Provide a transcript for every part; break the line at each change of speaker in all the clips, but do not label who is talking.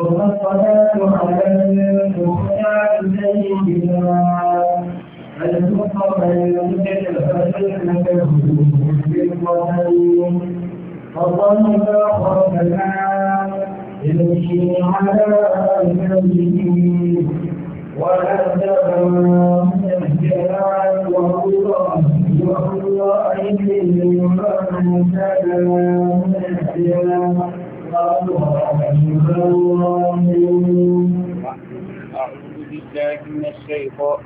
والصلاة على المختار سيدنا المصطفى يمكن فشلنا بالوطن فضل خلقنا يمشي على المسجد وأدبا مهجرا وهو وهو أيدي من سلام مهجرا أعوذ بالله من الشيطان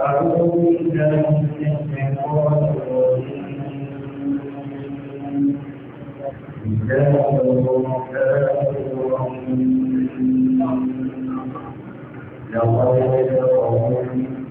أعوذ بالله من الشيطان الرجيم لقد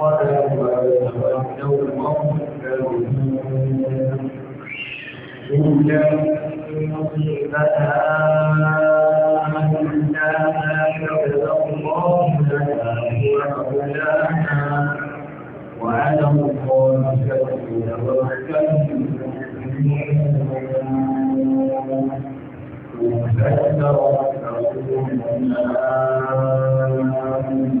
قال لا ولو الموت إن كان مصيبتها إلا ما كتب الله لنا وأولانا وعلى الله فتوكل فاستغفر لهم ما إن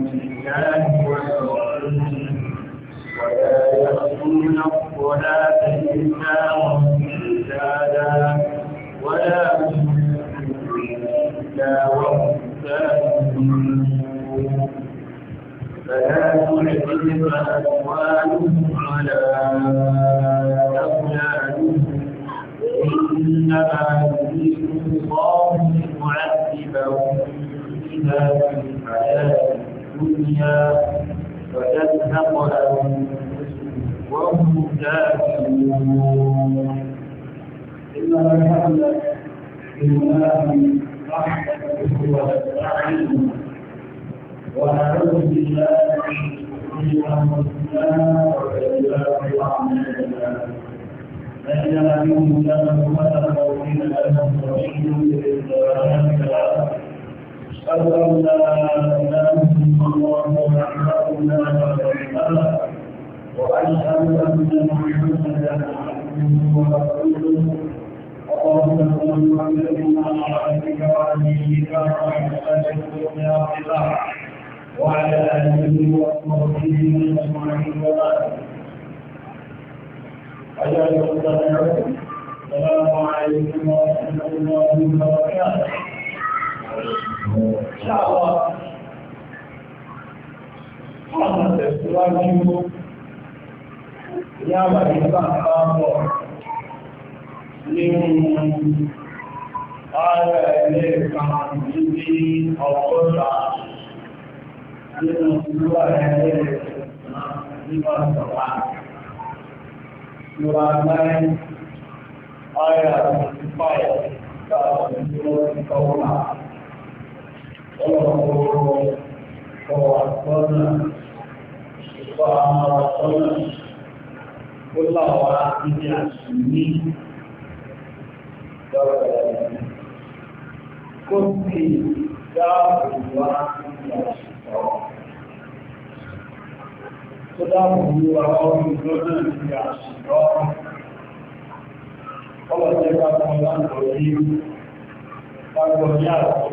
بالله والرسول ولا يأتون الصلاة ولا يصلون إلا وهم سالمون فلا تعجبك أموالهم ولا أولادهم إنما يريد الله ليعذبهم بها في الحياة الدنيا وتذهب وهم كافرون إلا رحمته ونعوذ بالله من أنفسنا وسيئات أعمالنا من يهده الله فلا مضل له ومن يضلل فلا هادي له أشهد أن لا إله إلا الله وحده لا شريك له وأشهد أن محمدا عبده ورسوله اللهم صل على سيدنا محمد وعليك وعلى الدنيا والآخرة وعلى آله وصحبه أجمعين وبارك أيها المستمعون السلام عليكم ورحمة الله وبركاته Ṣáwọ̀ ọ̀nà tẹ̀síwájú ní àbàdí bàbá bọ̀ nínú ara ilé kan níbi ọgọ́ta nínú ìlúwà ilé nígbà sọ̀rọ̀ ìwà náà ara ìpáyà sáà ìjọba ìkọwọ́ náà. وعطلنا وعطلنا كل وعطلنا السنين كنت دعوة وعطلنا الشيطان فدعوه وعطلنا الشيطان قال لك الله الرحيم قال يا رب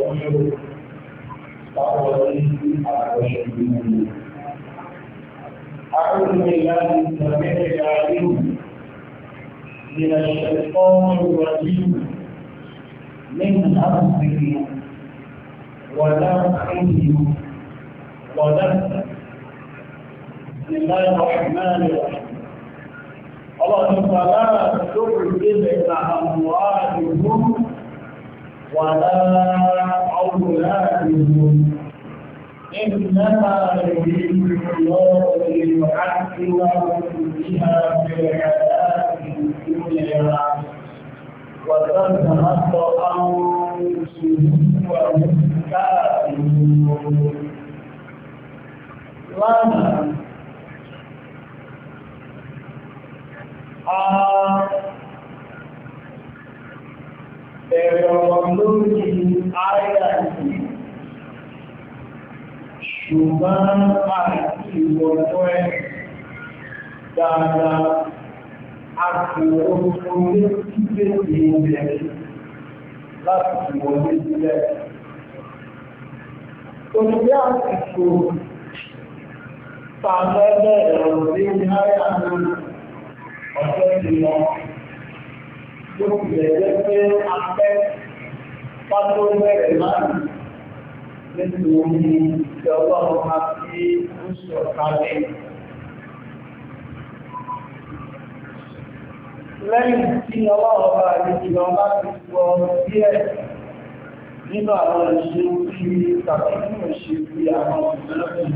أعوذ بالله من الشيطان الرجيم من همزه ونفخه ونفخه بسم الله الرحمن الرحيم الله تعالى تبعد عن أموالهم ولا أولادهم إنما يريد الله ليعذبهم بها في الحياة الدنيا وتذهب أنفسهم وهم كافرون لنا ẹ̀rọ lórí àyà yìí ṣùgbọ́n àti ìwọ̀tọ́ ẹ̀ dáadáa àti orúkún ní títẹ́ ìrìnlẹ̀ láti wọlé sílẹ̀. Olùgbé àsìkò tààlẹ́lẹ̀ ẹ̀rọ lórí àyà náà ọjọ́ ìlọ́pàá ló fi lè jẹ́ pé afẹ́ pátó bẹ̀rẹ̀ láàrín nítorí ìjọba ọmọ àti oṣù ọ̀kalẹ̀. Lẹ́yìn tí ọwọ́ ọba àdìjìlọ bá ti sọ díẹ̀ nínú àwọn ìṣe orí tàbí nínú ìṣe orí àwọn ìṣẹ́lẹ̀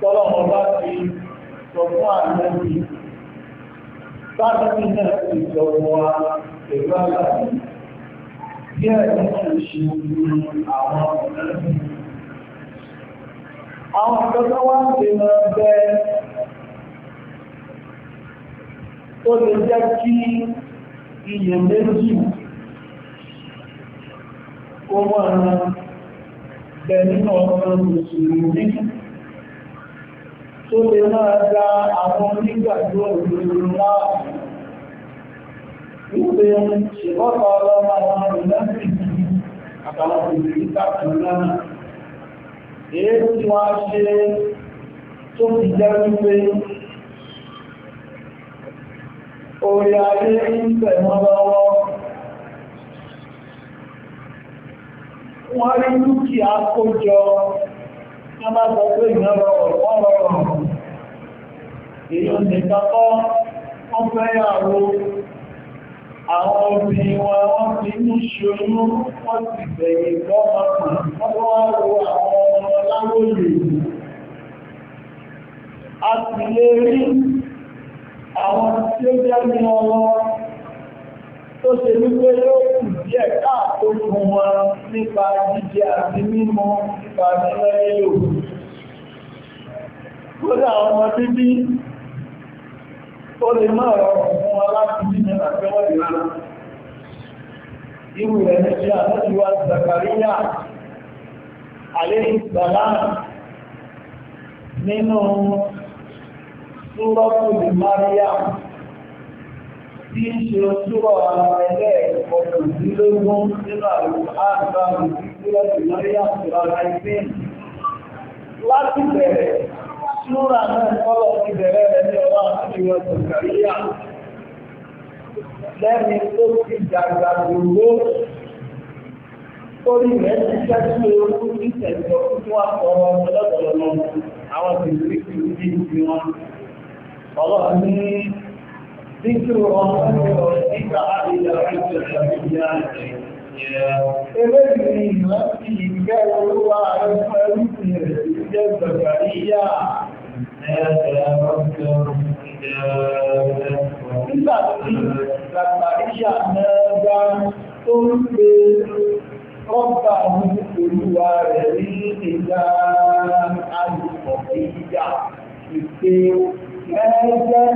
Tọ́lọ́mọ bá ti sọ fún àmì Bákan náà ti sọ wa pẹ̀lú àlàyé. Díẹ̀ nínú ìṣòro àwọn ọ̀nà àwọn ìjọba wá ń pè mọ́ bẹ tó lè jẹ́ kí iye méjì kó mọ́ ọ̀nà bẹ nínú ọ̀nà mùsùlùmí tó lè máa da àwọn onígbàgbọ́ òdodo náà wípé ṣèkọ́ta ọlọ́mọ àwọn olùdásíkì àtàwọn òbí káàkiri náà èyí tí wọ́n ṣe tó a máa sọ pé ìrànlọ́ ọ̀rọ̀rọ̀ èyàn nìkakọ́ wọ́n fẹ́ yàwó àwọn obìnrin wọn wọ́n fi ń ṣoyún wọ́n ti bẹ̀yìn lọ́pàá wọ́n wá àwọn ọmọ láwòlè a sì lè rí àwọn tí ó jẹ́ ní ọlọ́rọ̀ tó ṣe wípé yóò kù díẹ̀ káàtó fún wọn nípa jíjẹ àti mímu nípa nílẹ̀ nílò. Kódà ọmọ bíbí ó lè máa rọrùn fún wọn láti nínú àfẹ́wọ́ ìlànà. Irú rẹ̀ ní ṣe àtọ́júwá Zakaria, Alayhi Salam, nínú Súrọ́pù Mariam tí ń ṣe ojúwà ẹlẹ́ẹ̀kọ́kàndínlógún nínú àgbàmù tí sílẹ̀tì lọ́yà ìrọ̀lá ìpín láti bẹ̀rẹ̀ ṣúra náà kọ́lọ̀ ti bẹ̀rẹ̀ rẹ̀ ní ọwọ́ àti ìwọ̀n kàríyà lẹ́ni tó ti dàgbà gbogbo torí rẹ̀ ti ṣẹ́jú orú ní tẹ̀sán fún àkọ́rọ̀ ọlọ́dọ̀ọ́lọ́ àwọn ìrírí ti wọn ọlọ́run ní ذكر ربك وربك عائلة حتى Ẹlẹ́gbẹ̀rẹ̀ ìmọ̀ sí ìgbẹ́ olúwa ẹgbẹ́ olúfin rẹ̀ jẹ́ Zakaria nígbà tí Zakaria mẹ́gbà tó ń pe ọgbà ní olúwa rẹ̀ ní ìjà alùpọ̀ ìjà ìpe ẹgbẹ́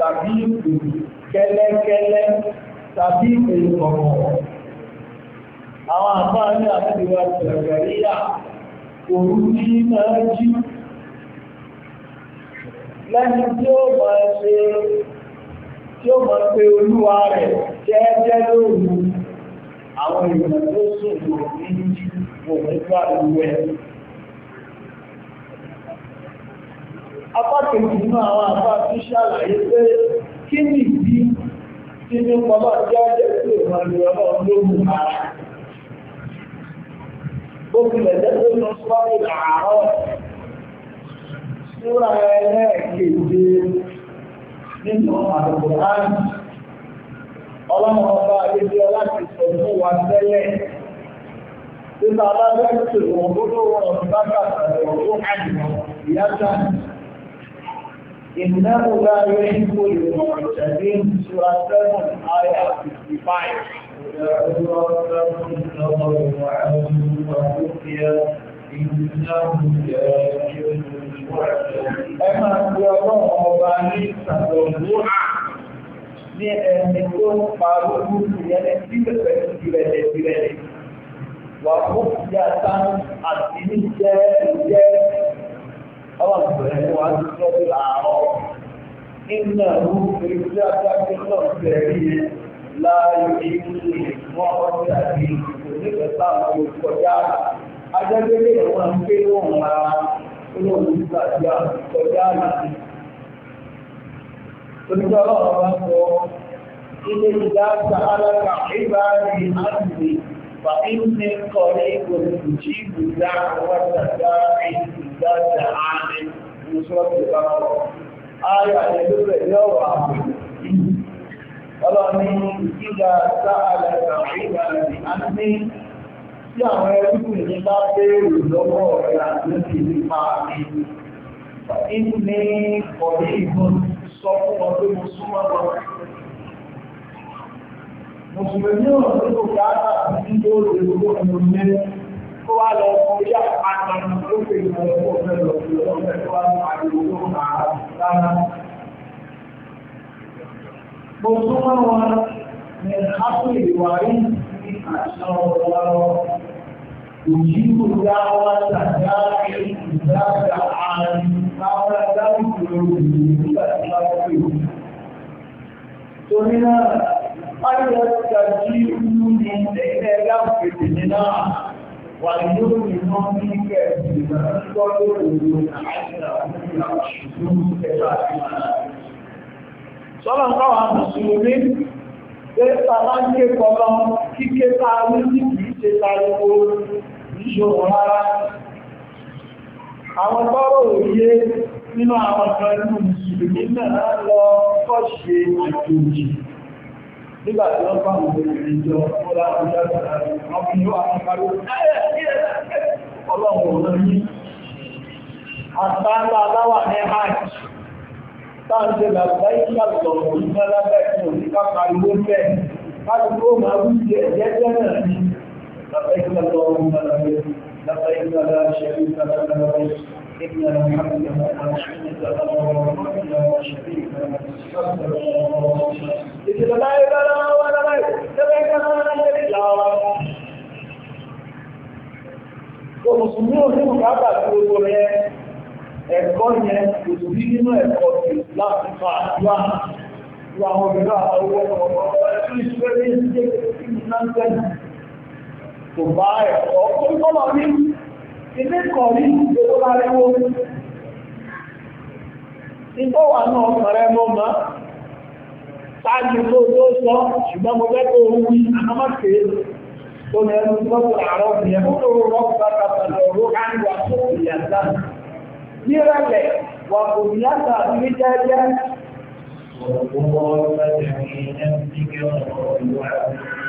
tàbí ìpè kẹ́lẹ́kẹ́lẹ́ tàbí ìpè ìkọ̀kọ̀. Àwọn àfáà ní àtìwà tẹ̀lẹ̀kẹ̀ríyà òru ní máa jí. Lẹ́ni tí ó máa ṣe tí ó máa pe olúwa rẹ̀ jẹ́ẹ́jẹ́ lóòrùn àwọn ìrìnà tó sùn lò ní gbogbo ìwẹ̀. apákejì nínú àwọn àpá tí ṣàlàyé pé kí ni ìdí tí ní pọ̀lọ́ jẹ́ ọjọ́ sí ìrìnàjò ọlọ́run lóhùn ara gbókùnlẹ̀ jẹ́gbẹ́ inú sọ́ọ̀rì làárọ̀ síra ẹlẹ́ẹ̀kejì nínú àdùkù áàmì ọlọ́run ọba àdéjọ láti sọ fún wa tẹ́lẹ̀ Títa alábẹ́ẹ̀kì òun gbogbo wọn bá kàtàkì ọ̀gbọ́n àjùmọ̀ ìyá jáde. إنه لا يحب المعتدين سورة 7 آية 55 ودعوا ربكم تضرعا وخفيا Ẹ máa fi ọlọ́run ọba ní ìsàlọ̀gbó ní ẹni tó ń pa lójú ìyẹnẹ tí bẹ̀rẹ̀ ìrẹ̀lẹ̀ ìrẹ̀lẹ̀. Wà fún ìyá sáà àti ní jẹ́ ìjẹ́ ọlọ́run bẹ̀rẹ̀ wá sí lọ́dún làárọ̀ iná ló fi sí adájọ́ náà tẹ̀rí ẹ láàyò ìlú ìwọ̀n ọjà bí onígbẹ̀ta àwọn olùkọjá adájọ́lé ìwọ̀n ń gbé sọ ilé ìdájà alága ìbáraẹni àti فإني قريب أجيب دعوة داعي إذا دعاني من سورة البقرة آية يدل يوعى Ọlọ́run ìgbà sáàlẹ̀ ìgbà ìgbàmí tí àwọn ẹgbùn ní bá bèèrè lọ́wọ́ ọ̀rẹ́ àti nípa mi. Inú ní ọ̀rẹ́ mùsùlùmí ò ní kò káàkà ní tó lè gbogbo ẹ̀mọ̀lẹ́ kó wá lọ fún orí àpáta ló pè ní ọ̀pọ̀ ọ̀fẹ́ lọ sí ọ̀fẹ́ tó wá ní àdúgbò tó máa rárá. Mo tún mọ́ wọn ní ápù ìwà rí ní àṣà ọ̀rọ̀ òjìbù àárín àwọn adáwùjọ òjìbù nígbà tí wọ́n pè. Torí náà, فَيَسْتَجِيبُوا لِلَّذِينَ لَمْ يُؤْمِنُوا وَلْيُؤْمِنُوا بِكَ لِيَقُولُوا عَلَّهُمْ يَشْهَدُونَ Sọ́lá ń káwà Mùsùlùmí, pé tàbá ń ké kọlọ kíké táàrí ní kìí ṣe tàríwó ìṣòro rárá. Àwọn tọ́rọ òye nínú àwọn ọ̀dọ́ inú Mùsùlùmí náà lọ kọ́ ṣe àjòjì nígbà tí wọ́n bá wọn obìnrin jọ ọlá ọjọ́ àwọn ìlú àkàkàrò ọlọ́run ọ̀nà yí àtàlà aláwà ní hajj táàṣẹ làbá ìgbàgbọ̀ ìgbà lábẹ́kùn òníkàkà ìwó fẹ́ láti kó máa wí jẹ jẹ́jẹ́ náà ní làbẹ́ ìgbàgbọ̀ ìgbàgbọ̀ ìgbàgbọ̀ ìgbàgbọ̀ إن الحمد لله لا إله إلا الله سبحانه وتعالى Òmùsùnmí òṣèlú bàbà tí ó rẹ ẹ̀kọ́ yẹn kò sí nínú ẹ̀kọ́ láti fa àdúrà tí àwọn obìnrin àwọn ọmọ ọmọ ẹ̀kọ́ ìṣẹ́lẹ̀ ìṣẹ́lẹ̀ ìṣẹ́lẹ̀ kò bá ẹ̀kọ́ kó ní kọ́ ilé kọ̀rí ìgbèrò bá rẹwó ìgbó wà náà ọ̀rẹ́ mọ́ ma sáájú tó tó sọ ṣùgbọ́n mo fẹ́ kó wí àmọ́kè tó ní ẹnu lọ́pọ̀ àárọ̀ ní ẹ̀mú lóró rọ́pù bàtà pẹ̀lú ọ̀rọ̀ àìwà tó ìyàtà nírẹ̀lẹ̀ wà kò níyàtà ní jẹ́jẹ́ Ọ̀pọ̀ ọ̀pọ̀ ọ̀pọ̀ ẹ̀mí ẹ̀mí kí ọ̀rọ̀ ìwà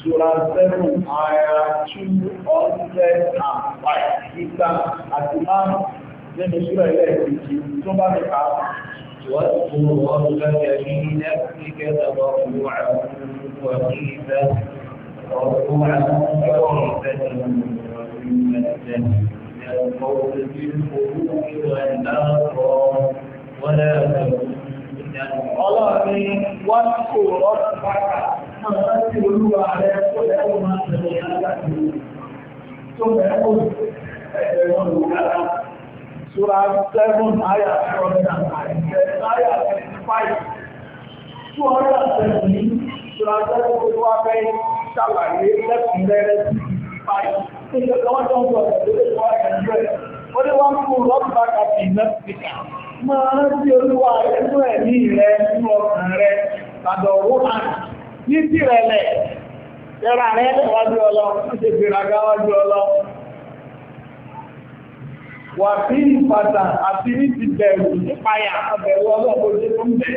Sura 7, Ayah 205. Ìgbà àti máa nínú Sura ilẹ̀ ìpìtì tó bá ní ká. واذكر ربك في نفسك تضرعا وخيفة ركوعا وخيفة وذمة من القول بالخروج والآثار ولا تكن ọlọ́rin wọ́n kò rọ́pù pátá máa ń tí olúwa rẹ̀ tó lẹ́wọ́ máa tẹ̀lé aláàbò tó mẹ́kò ẹgbẹ̀rún olùgbàlá Sura 7 Aya 25 Sura 7 Sura 7 tó wá fẹ́ ṣàlàyé lẹ́kùnrẹ́rẹ́ 5 Ìjọba wọn tó ń sọ̀rọ̀ lórí wọ́n ẹ̀rọ rẹ̀. Ó ní wọ́n kú rọ́pù pátá sí Mẹ́sìkà máa rántí olúwa ẹ̀nú ẹ̀mí rẹ̀ nínú ọkàn rẹ̀ tàdọ̀wó hàn ní tìrẹ̀lẹ̀ tẹ́ra rẹ̀ wájú ọlọ ń ṣe gbèrágá wájú ọlọ wà sí ìpàtà àti ní ti bẹ̀rù nípayà àbẹ̀rù ọlọ́pọ̀jẹ́ tó ń bẹ̀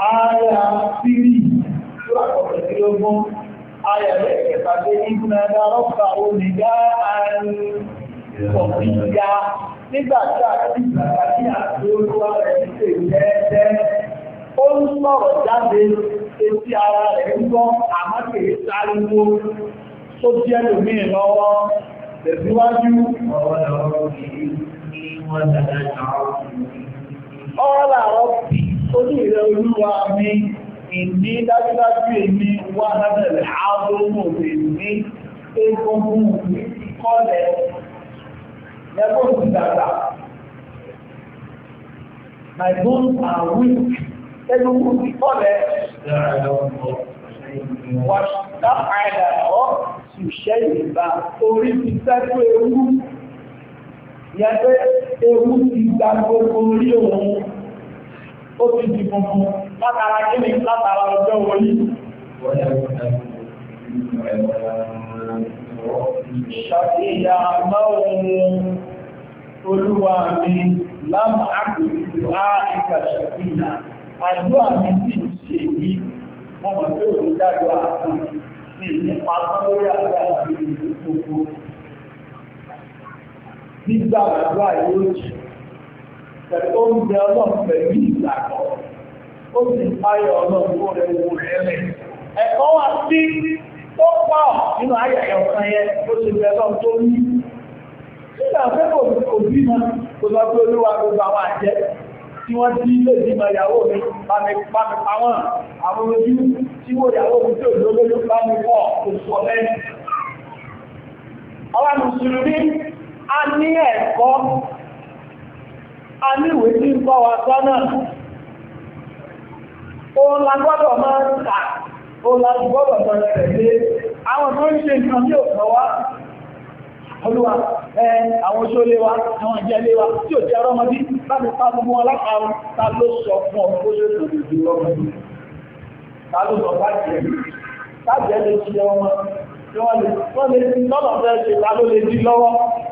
ààyà sírì lọ́pọ̀ tí ó mọ́ ààyà lẹ́kẹ̀ẹ́ta dé ìgbìnà ẹ̀dárọ́pà onígá àìyà nígbàtà àti àti olúwa rẹ̀ ṣe ìrẹ́ẹ̀ẹ́ ó ń sọ̀rọ̀ jáde etí ara rẹ̀ ń gbọ́ àmọ́kèrè sáríwó tó jẹ́ lómi lọ́wọ́ tẹ̀síwájú ọ̀rọ̀ ọ̀rọ̀ orí rẹ̀ olúwa mi ìní dájúdájú èmi wà lábẹ̀rẹ̀ àádọ́mọ̀ èmi egungun mi kọ́lẹ̀ lẹ́gbọ́n ti dàgbà my bones are weak egungun mi kọ́lẹ̀ wà dápàdà ọ́ ṣùṣẹ́ ìgbà orí ti sẹ́kù ewu yẹn pé ewu ti gba gbogbo orí òun ó ti di funfun látara kíni látara ọjọ́ wọlé. Ṣàkíyà mọ́rún olúwa mi lámà ákùnrin láàrínkà ṣàkíyà. Àjọ́ àmì sí ṣe yí, wọ́n mọ̀ pé òun dájọ́ àkùn sí nípa lórí àgbà pẹ̀lú oúnjẹ ọlọ́run pẹ̀lú ìgbàgbọ́ ó sì páyọ̀ ọlọ́run kó rẹ̀ wò rẹ̀ lẹ̀ ẹ̀kọ́ wa sí tó pọ̀ nínú ayẹyẹ ọ̀kan yẹn ó ṣe bẹ̀ lọ́n tó ní nígbà pé kò kò bí mọ kò lọ bí olúwa gbogbo àwọn àjẹ́ tí wọ́n ti lè bí mọ ìyàwó mi pàmì pàmì pàwọn àwọn ojú tí wọ́n ìyàwó mi tó lólójú pàmì pọ̀ kò sọ lẹ́nu. mùsùlùmí a ní ẹ̀kọ́ a níwé tí ń bọ́ wa sọ́nà òun la gbọ́dọ̀ máa ń kà òun la gbọ́dọ̀ máa ń tẹ̀lé àwọn tó ń ṣe nǹkan tí ò kọ́ wa olúwa ẹ àwọn ṣólé wa àwọn ìjẹ́lé wa tí ò jẹ́ ọmọdé láti pa gbogbo wọn lápárun ta ló sọ fún ọ bó ṣe tó dìdì ọmọdé ta ló sọ bá jẹ́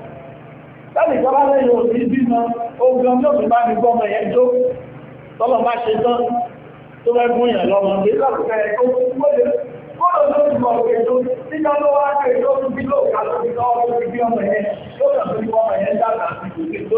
láti ìjọba lẹ́yìn òsì bímọ ogun tí ó bá mi gbọ́mọ yẹn jó tọ́lọ bá ṣe tán tó fẹ́ ìyàn lọ́mọ pé lọ́pẹ́ tó ti mọ̀ lọ́wọ́ tó ti bí ọmọ yẹn, ló kà tó ti wọ́n yẹn dáadáa tó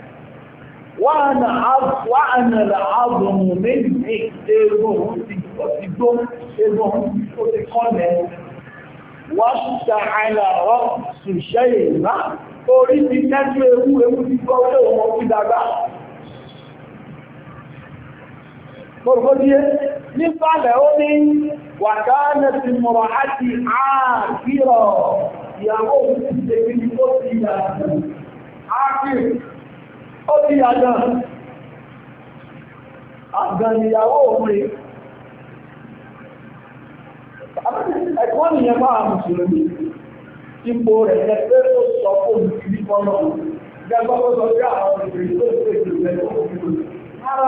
wàhánà àbùmù méjì egun ti gbó egun ó ti kọ́lẹ̀ wáṣíta àìlà ọ̀ ṣùṣẹ́ ìlà orí ti tẹ́jú ewu ewu ti gbọ́ pé òun ọkú dàgbà Mọ̀rọ̀kọ́díé nípàlẹ̀ ó ní wàkánà ti mọ̀rọ̀ àti ààkírọ̀ ìyàwó òun ti ṣe ó ti yàtọ̀. ó ti yàgàn àgbàníyàwó òfin ẹ̀kọ́ nìyẹn bá mùsùlùmí ipò rẹ̀ ẹgbẹ́ tó sọ fún ìdí fọ́nà gẹ́gbọ́ sí àwọn ìrìn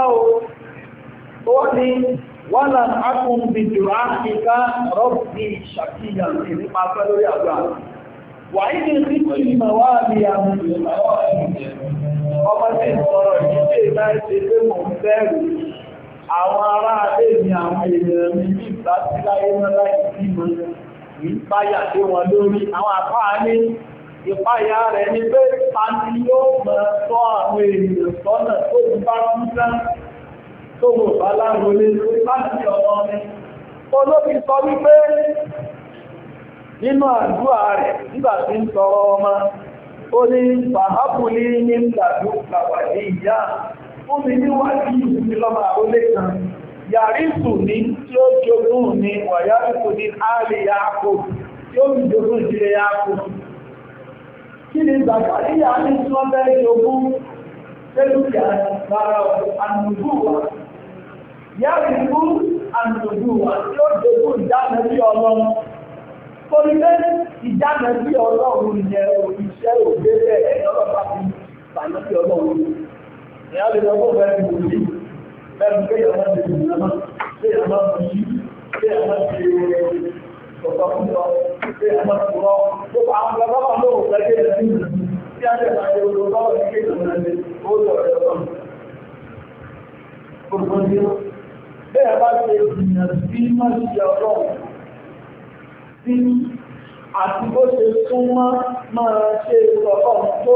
o wọ́n là ń ákùn bí jùlọ áfíríkà rọ́bì ṣàkíyàn ní ọmọ tí ń sọ̀rọ̀ ìdíje láì ṣe pé mò ń bẹ̀rù àwọn ará alé mi àwọn èèyàn mi ní ìgbà sí láyé náà láì sí mọ́ ní ìpáyà lé wọn lórí àwọn àpá ní ìpáyà rẹ̀ ní pé pàtí yóò mọ̀ sọ àwọn èèyàn sọ́nà tó ń bá kú tán tó mọ̀ bá láwọlé lórí láti ọ̀nà ni olóbi sọ wípé nínú àdúrà rẹ̀ nígbà tí ń sọ̀rọ̀ ọmọ ó ní ní ìlàdú làwà ní ìyá fún mi níwájú ìsinmi lọ́mọ àrólé kan yàrísù ní tí ó jogún ní ya ní tí ó fi jogún ìdílé yàákò kí ni Zakaria ní tí wọ́n bẹ́ẹ̀ jogún lẹ́lúkà torí pé ìdáná bí ọlọ́run yẹ òṣìṣẹ́ òde bẹ́ẹ̀ ẹ̀yọ́ bàbá mi bàná bí ọlọ́run ni a lè lọ bó bẹ́ẹ̀ bí òní bẹ́ẹ̀ bí kéèyàn máa tẹ̀lé ìyá máa kéèyàn máa fi yí kéèyàn máa fi ọ̀tọ̀ fún lọ kéèyàn máa fi lọ gbogbo àwọn ọmọ bàbá náà ò fẹ́ kéèyàn ní ìlú tí a lè máa yẹ olùkọ́ ní kéèyàn máa lè ó lọ ẹ̀ lọ́nà. Bẹ́ẹ̀ bá ṣe ìyàn sí máa ṣe ọlọ́run sí àti bó ṣe súnmọ́ máa ṣe ìrọ̀kọ́ tó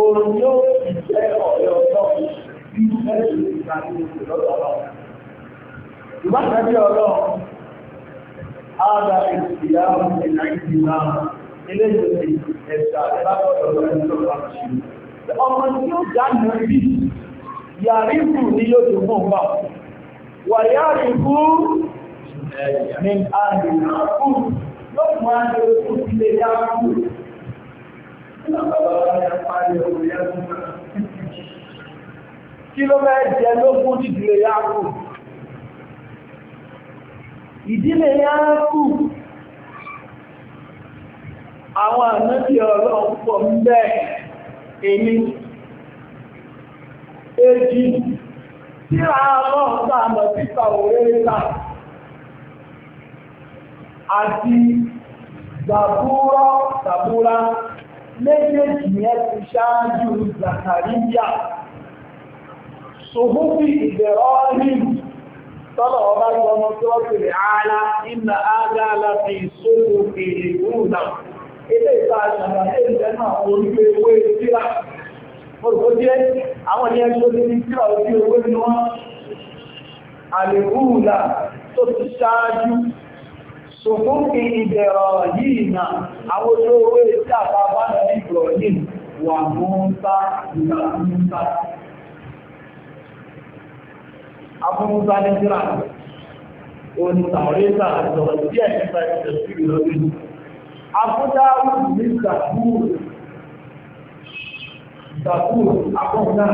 oòrùn yóò sì jẹ́ ọ̀rẹ́ ọlọ́run bí ẹ̀sùn ìgbàlódé lọ́dọ̀ ọlọ́run. Ìwádìí ọlọ́run, ààbà ìsìyà ọmọ ìlàjì náà, ilé من أهل المعقول لو ما يكون إلى يعقول Kí ló bẹ́ jẹ lógún ìdílé Yáàkù? Ìdílé Yáàkù, àwọn ànábì ọlọ́run pọ̀ ń bẹ́ èmi, èjì, tí a lọ́pàá mọ̀ títà òwérítà àti zàbúrọ́ zàbúrá méjèèjì yẹn ti ṣáájú zakariya sòhúfì ìbẹ̀rọ̀ rìn tọ́lọ̀ ọba yọmọ tó ọ̀pẹ̀lẹ̀ ààlá ìnà ààlá láti ìṣòro èrè òòlà ilé ìta àṣàlàyé ìfẹ́ náà orílẹ̀ ewé tíra orí ewé ni wọ́n sòfúnfì ìbẹ̀rọ̀ yìí náà àwọn olówó tí àbábá ní Ibrahim wà múúta ìgbà múúta afúnmúta ní síra onítàwọ̀rẹ́ta àtọ̀rọ̀ díẹ̀ nípa ìṣẹ̀sí ìlọ́dún afúnjá ní ìgbàkúrò ìgbàkúrò afúnjá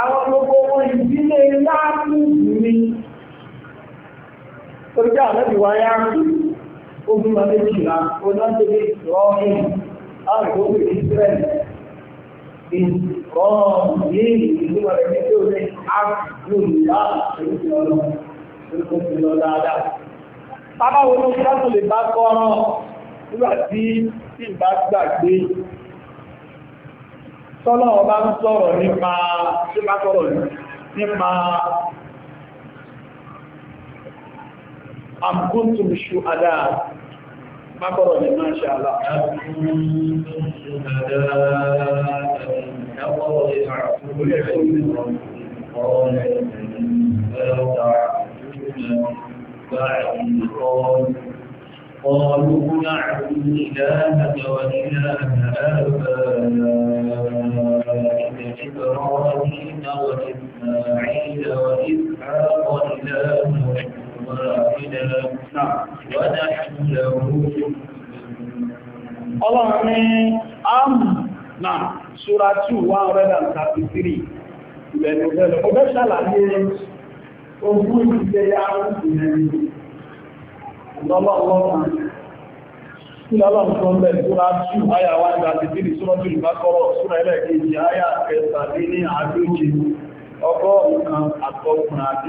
àwọn gbogbo ìdílé láàrín ìrìn torí pé àlẹ́bí wa yá ogun ma méjìlá onáńtẹ́lẹ̀ ìrọ́rùn àgbógbè Israẹli ìrọ̀rùn yìí ìlú rẹ̀ ní pé ó lè àgbòlá ìrọ̀rùn dáadáa. Bàbá wo ló ṣáàtò lè bá kọ́rọ̀ nígbà tí ìbá gbàgbé tọ́lọ̀ ọba ń sọ̀rọ̀ nípa أم كنتم شهداء
ما قرأ ما
شاء الله أم كنتم شهداء نظر لا تعبدون بعد قالوا نعبد إلهك وإله آبائك إبراهيم وإسماعيل وإسحاق إلهنا Ọlọ́run ní Amù náà, Ṣúra 2, 133, ìbẹ̀lú ọ̀bẹ̀lú. ṣàlàyé ogún ìgbẹ̀ ya ìrìnlẹ̀ lọ́lọ́lọ́run. Kí lọ́lọ́run tó ń bẹ̀ Ṣúra 2, Aya 133, kẹta ní àtọkùnrin àti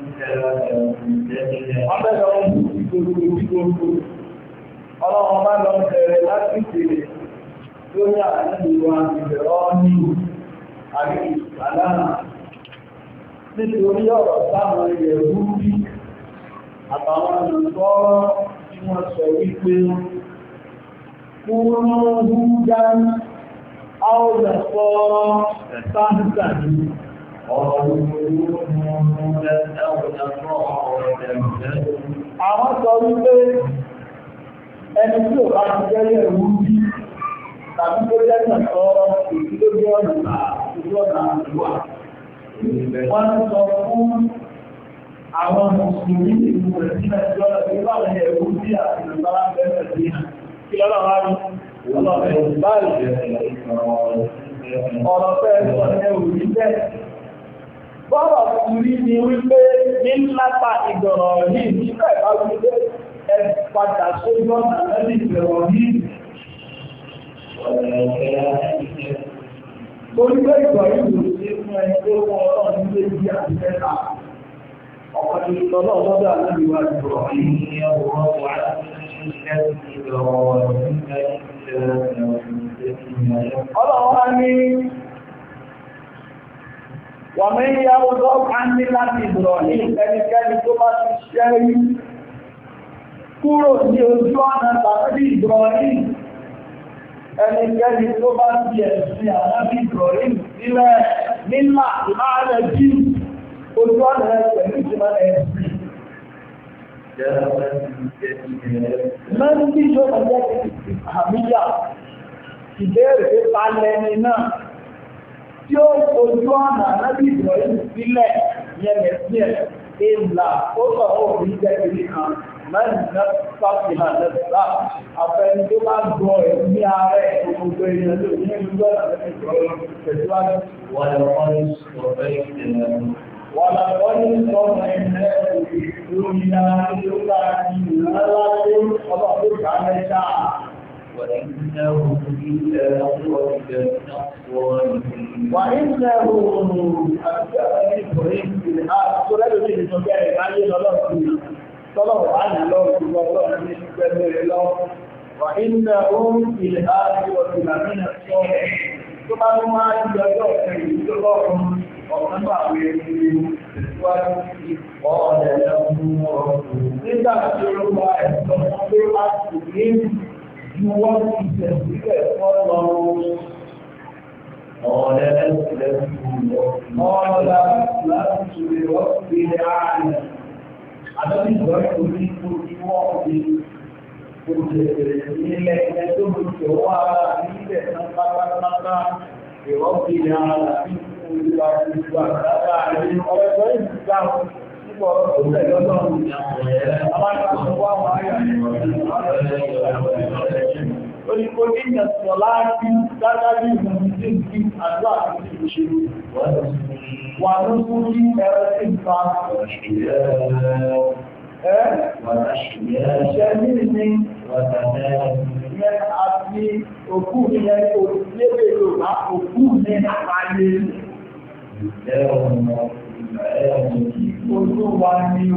Ọ̀bẹ́lọ ń bú gbogbo gbogbo. Ọlọ́run bá lọ bẹ̀rẹ̀ láti ìpele lórí àdúgbò àbìbẹ̀rọ ní àrí ìsàlára. Nítorí ọ̀rọ̀ sáwọn ilẹ̀ rúbí àtàwọn olùkọ́ tí wọ́n sọ wípé kúrò húdá áwọ̀dàpọ̀ sáńtà ní Àwọn sọ wípé ẹni tí ò bá ti jẹ́rẹ̀ ẹ̀rú bí tàbí tó jẹ́ sọ̀tọ́ ìdílógé ọ̀nà ìlú ọ̀nà àdúwà. Wọ́n sọ fún àwọn mùsùlùmí ìlú rẹ̀ sí Nàìjíríà tí ó láwọn ẹ̀rú bí àti ìrọ̀lára bẹ̀rẹ̀ sí kí lọ́lọ́wọ́ rí ọlọ́rẹ̀ báyìí ọ̀rọ̀ fẹ́ sọ ní ẹ̀rú bí bẹ́ẹ̀ bọ́rọ̀ ìrí ni wípé ní lápá ìdọ̀rọ̀ yìí nígbà ìbá wípé ẹ padà sójú ọ̀nà lẹ́nu ìdọ̀rọ̀ yìí. Orílẹ̀ ìgbà ìlú sí fún ẹni tó wọ ọ̀rọ̀ nílé bí àti mẹ́ta. Ọ̀pọ̀ ti sọ náà lọ́dọ̀ àti ìwà ìdọ̀rọ̀ yìí ní ọ̀rọ̀ wà Ọlọ́run á ní Wàmí ya ọjọ́ káńdí láti Ibrahim ẹnikẹ́ni tó bá ti ṣẹ́rí kúrò ní ojú ọ̀nà tàbí Ibrahim ẹnikẹ́ni tó bá ti ẹ̀sìn àlábí Ibrahim sílẹ̀ nílà ìmáàrẹ̀ jí ojú ọ̀nà pẹ̀lú ìjọba ẹ̀sìn. Mẹ́rin bí ìjọba jẹ́ tí ó ojú ọ̀nà lábí ìbọ̀yìn sílẹ̀ yẹn lẹ́sìn ẹ̀ ìlà ó sọ òfin jẹ́ ibi kan mẹ́rin náà fìlà lẹ́sà àfẹni tó bá gbọ́ ẹ̀mí ara gbogbo èèyàn ló ní ìlú ọ̀nà lábí ìbọ̀yìn tẹ̀síwájú. wọ́n lọ ní sọ̀rọ̀ ìṣẹ̀lẹ̀ وإنه إلا هو وإنه وإنهم في الآخرة لمن الصالحين ثم ما يجعل الله ọ̀pọ̀lọpọ̀ àwọn ènìyàn síwájú sí ọ̀ọ̀dẹ̀ lọ́wọ́ nígbà tí ó wá ẹ̀sọ́ pé a sì ní ju wọ́n ti tẹ̀sílẹ̀ fọ́lọ́ ọ̀rẹ́ ẹ̀sìlẹ̀ fún ọ̀la láti ṣe ọ̀pẹ ààrẹ àdọ́bí ìgbọ́n tó ní kó ní wọ́n ti kó tẹ̀sílẹ̀ nílẹ̀ ẹ̀ tó ló ṣe wá nílẹ̀ náà pátápátá ìrọ́pẹ̀ ààrẹ àti ìfowópamọ́ ìgbà àti ìgbà àti ọ̀rẹ́ Oníkò ní ìjọsọ̀ láti dájájú ìrìnàmìtì sí àdúrà àti ìṣèlú. Wà ló kú ní ẹ̀rọ sí ìfà. Ẹ́ ṣẹ́ ní ní ìyẹn àti òkú ìyẹn òkú lébèrò àkókú ní àpáyé. Ìjẹ́ ọmọ olúwa ní o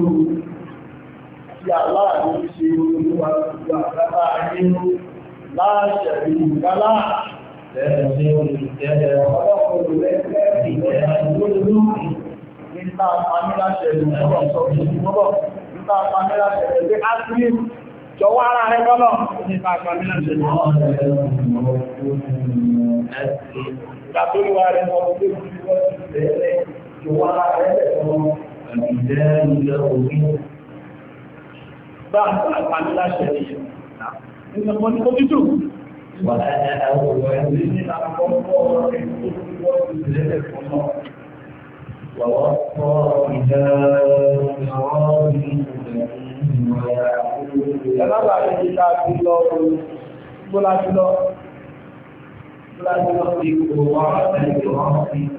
tí aláàrin ṣe olúwa gbogbo àgbàtà ayé láàṣẹ ìgbàlá ẹ̀rẹ̀ olùtẹ́lẹ̀ ọlọ́pọ̀lù ẹgbẹ́ ìgbẹ̀rẹ̀ olóòrùn nípa pàmíláṣẹ̀ ìrìnlọ́rọ̀ sọ́rọ̀ ìgbọ́rọ̀ nípa pàmíláṣẹ̀ ẹgbẹ́ áṣírí jọwọ́ ara rẹ̀ kọ́lọ̀ nípa pàmíláṣẹ̀ ìrìnlọ́rọ̀ ìwà ẹ̀ẹ́dẹ̀kọ́ ìdẹ́rùlẹ̀ òní. Bá àpàdé láṣẹ ìṣẹ́ ìgbẹ̀mọ́ ní kọ́bítù. Wà ẹ̀ẹ́ àwọn ọ̀rẹ́ ní àkọ́kọ́ ọ̀rẹ́ tó wọ́n ti lẹ́lẹ̀ fún náà. ووصى بها إبراهيم ويعقوب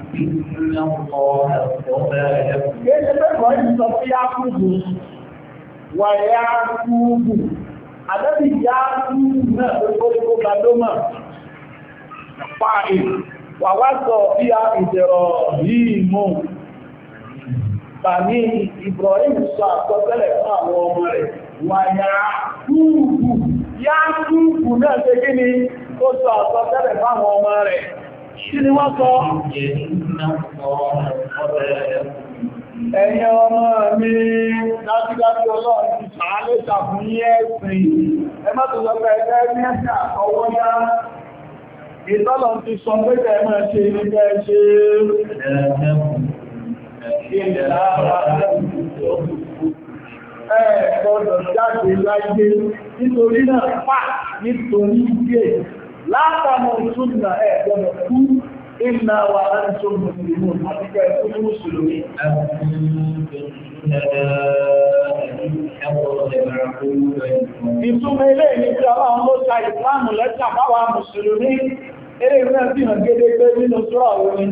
Kéèṣe pẹ́kọ̀ yìí sọ pé yá kúrù wà yá kúrù. Àdẹ́bì yá kúrù náà tó kó ikó gbàdómà. Pàì, wà sọ bí a ìdẹ̀rọ̀ yìí mú. Bàmí Ibrahim sọ àkọsẹ́lẹ̀ fún àwọn ọmọ rẹ̀. Wà yá kúrù. Yá kúrù náà ṣe kí ni ó sọ àkọsẹ́lẹ̀ fún àwọn ọmọ rẹ̀. Kí ni wọ́n sọ? Ẹ̀yin ọmọ mi dájúdájú ọlọ́run ti ṣàálẹ́ ìṣàfún yí ẹ̀sìn. Ẹ tó lọ pẹ̀ ẹgbẹ́ ní ẹ̀sìn àkọwọ́ yá. Ìtọ́lọ̀ ti sọ pé kẹ́ mọ́ jáde láyé nítorí náà pà nítorí díẹ̀. látàmù na ẹ̀ gbọ́dọ̀ kú ìnà wà láti tó mùsùlùmí àti kẹ́ẹ̀kú mùsùlùmí. Ìtumọ̀ ilé ìlú ọlọ́run ló ta ìsìláàmù lẹ́tà báwa mùsùlùmí, eré ìrìnà sí hàn gédégbé nínú sọ́rọ̀ orin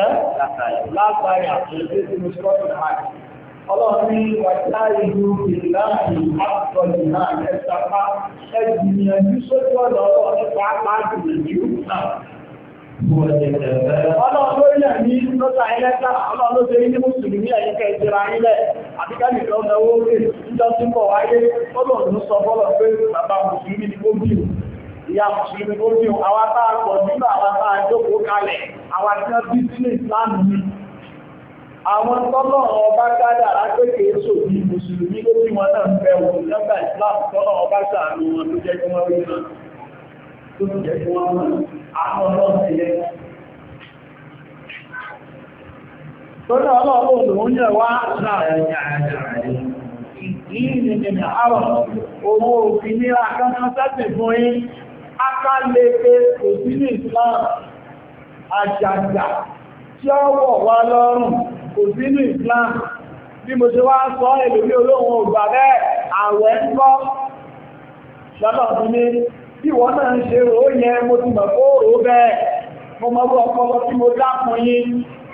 ẹ́ látàrí àtúnṣe tí mo sọ ní àjò. Ọlọ́run ní wàtáì ìlú ìlànà àtọ̀lì náà ẹ̀sàpá ẹgbìyànjú sójú ọ̀nà ọlọ́run nípa pàápàá ìlú náà. Ọlọ́run ló yẹ̀ ní lọ́ta ẹlẹ́ta, ọlọ́run ló ṣe ní Mùsùlùmí ẹ̀yíkẹ́ ìjẹra ilẹ̀, àbíkálì tó ń lọ owó rẹ̀, ìjọ tí ń bọ̀ wáyé, ọlọ́run sọ fọ́lọ̀ pé bàbá Mùsùlùmí ni ó bí ìyá mùsùlùmí tó bí àwọn tá a pọ̀ nínú àwọn tá a jókòó kalẹ̀ àwọn tí wọ́n bí sí ìsìláàmù ni àwọn tọ́lọ̀ ọba gádà lágbègbè èso ní mùsùlùmí ló bí wọn náà ń bẹ wò nígbà ìsìláàmù tọ́lọ̀ ọba sàánú wọn tó jẹ́ kí wọ́n rí náà tó ti jẹ́ kí wọ́n mọ̀ àwọn ọlọ́run ẹ̀yẹ Tọ́lá ọlọ́run òun yẹ̀ wá láàrin ìdí ìrìnlẹ̀ àárọ̀ owó òfin ní akẹ́kọ̀ọ́ sátẹ̀ fún yín akálẹ́gbẹ́ òsínú Islam àjàjà tí ó wọ̀ wá lọ́rùn òsínú Islam bí mo ṣe wá sọ èlòmí olóhun ògbà bẹ́ẹ̀ àwẹ̀ ń kọ́ lọ́nà ọdún ní bí wọ́n náà ń ṣe rò ó yẹn mo ti mọ̀ kó rò ó bẹ́ẹ̀ mo mọ́ bí ọkọ̀ tí mo dápọ̀ yín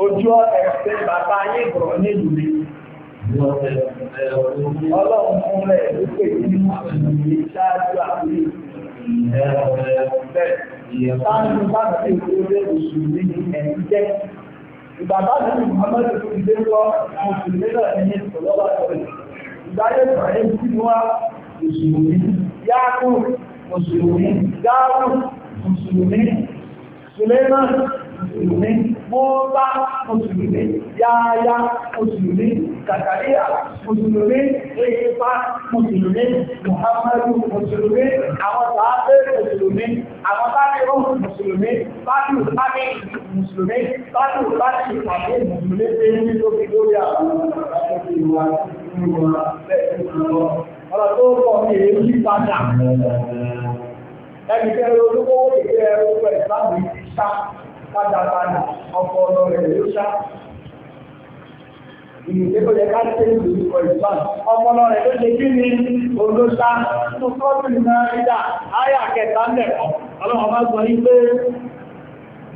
Ojú ẹ̀fẹ́ bàbá ayé bọ̀rọ̀ nílùú ni. Ọlọ́run fún rẹ̀ ló pè ní àmì ṣáájú àmì ìrẹ̀lẹ̀. Sáàrùn bá ti kó lé oṣù ní ẹ̀mí jẹ́. Ìbàbá mi ní Mọ́mọ́dé tó ti dé lọ, mo sì lérò ẹni ìfọlọ́wọ́ sọ̀rọ̀. Ìgbáyé bọ̀rẹ̀ ń tí wá oṣù ní. Yáàkùn oṣù ní. Gáàkùn mùsùlùmí Suleiman mùsùlùmí Mọ́ọ́bá mùsùlùmí Yáyá mùsùlùmí Kàkàríyà mùsùlùmí Ẹ̀yẹ́fà mùsùlùmí Muhammadu mùsùlùmí àwọn sàábẹ́ mùsùlùmí àwọn bábẹ́rù mùsùlùmí bájú bábẹ́ mùsùlùmí bájú bájú ìpàdé mùsùlùmí pé ní lókè lórí àwọn ọ̀rọ̀ tó kọ̀ ní èyí padà ẹnìkẹ́ olówó ìgbé ẹrú pẹ̀lú láàbù ìṣá pátápátá ọkọ̀ ọ̀nà rẹ̀ ló ṣá. Ìgbé tó yẹ ká ṣe ìlú ìkọ̀ ìgbà. Ọmọ náà rẹ̀ ló ṣe kí ni olóṣá tó sọ́ọ̀tì náà rí dà áyà kẹta ń bẹ̀rẹ̀. Ọlọ́run bá gbọ́ yí pé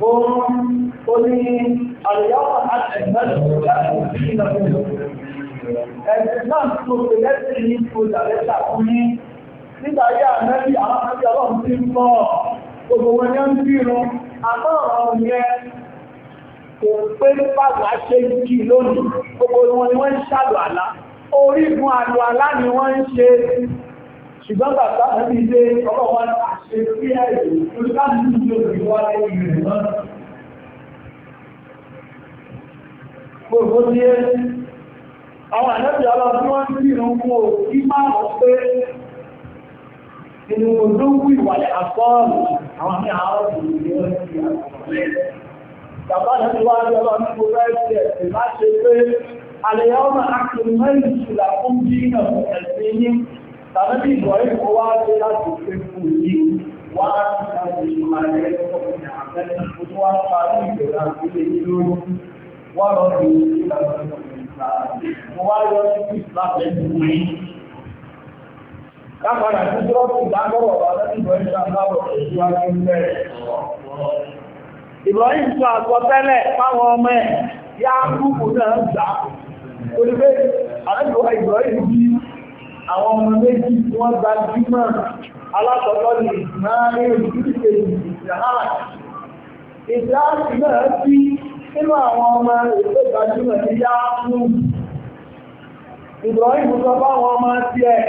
ó ó ní àlùyọ́pọ̀ àtẹ̀gbẹ́lẹ̀ ìgbà tó ń bẹ̀rẹ̀. Ẹ̀sìn náà tó ṣe lẹ́sìn ní nígbà yá àmẹ́bí àwọn àmẹ́bí ọlọ́run ti ń bọ́ gbogbo wọn ní ń bírun àmọ́ ọ̀rọ̀ yẹn kò pé bàbá ṣe kí lónìí gbogbo wọn ni wọ́n ń ṣàlù àlá orígun àlù àlá ni wọ́n ń ṣe ṣùgbọ́n bàbá àmẹ́bí ilé ọlọ́wọ́n àṣẹ sí ẹ̀rù olùkàdì ní òbí wá lẹ́yìn rẹ̀ náà gbogbo díẹ̀ àwọn àmẹ́bí ọlọ́run tí wọ́n ń bírun fún òkú máa ń nínú olówó ìwàlẹ̀ àkọọ́lù àwọn ní àwọn ìrìnlẹ̀ ìrìnlẹ̀ bàbá náà ti wá lọ́wọ́ ní mo rẹ́ ṣe ẹ̀sìn má ṣe pé àlẹ́yà ọmọ akẹ́lẹ́ ìṣúra fún dínà ẹ̀sìn ní tàbí bí ìbọ̀ ìkọ̀ wá dé láti pé fún yí wá láti ìṣúra rẹ̀ ọkùnrin àbẹ́lẹ̀ tó tó wá parí ìgbéra àgbélé yìí lórí wá lọ́ọ́ Lápàdà tí ó rọ́pù ìdágbọ́rọ̀ bá lẹ́yìn ìwọ̀n ìṣàlábọ̀ ìwájú ń bẹ̀rẹ̀. Ìbọ̀yìn sọ àkọtẹ́lẹ̀ fáwọn ọmọ ẹ̀ yá gúgbù náà ń gbà. Olúgbé, àrẹ́gbọ̀ ìbọ̀yìn bí àwọn ọmọ méjì tí wọ́n gba jímọ̀ alákọ̀ọ́kọ́ ní ìsìnmáàrí ìdíje ìsìnmáàrí. Ìdáàsì náà bí nínú àwọn ọmọ ètò ìgbàjúmọ̀ ní yá gúgbù. Ìbọ̀yìn sọ fáwọn ọmọ tiẹ̀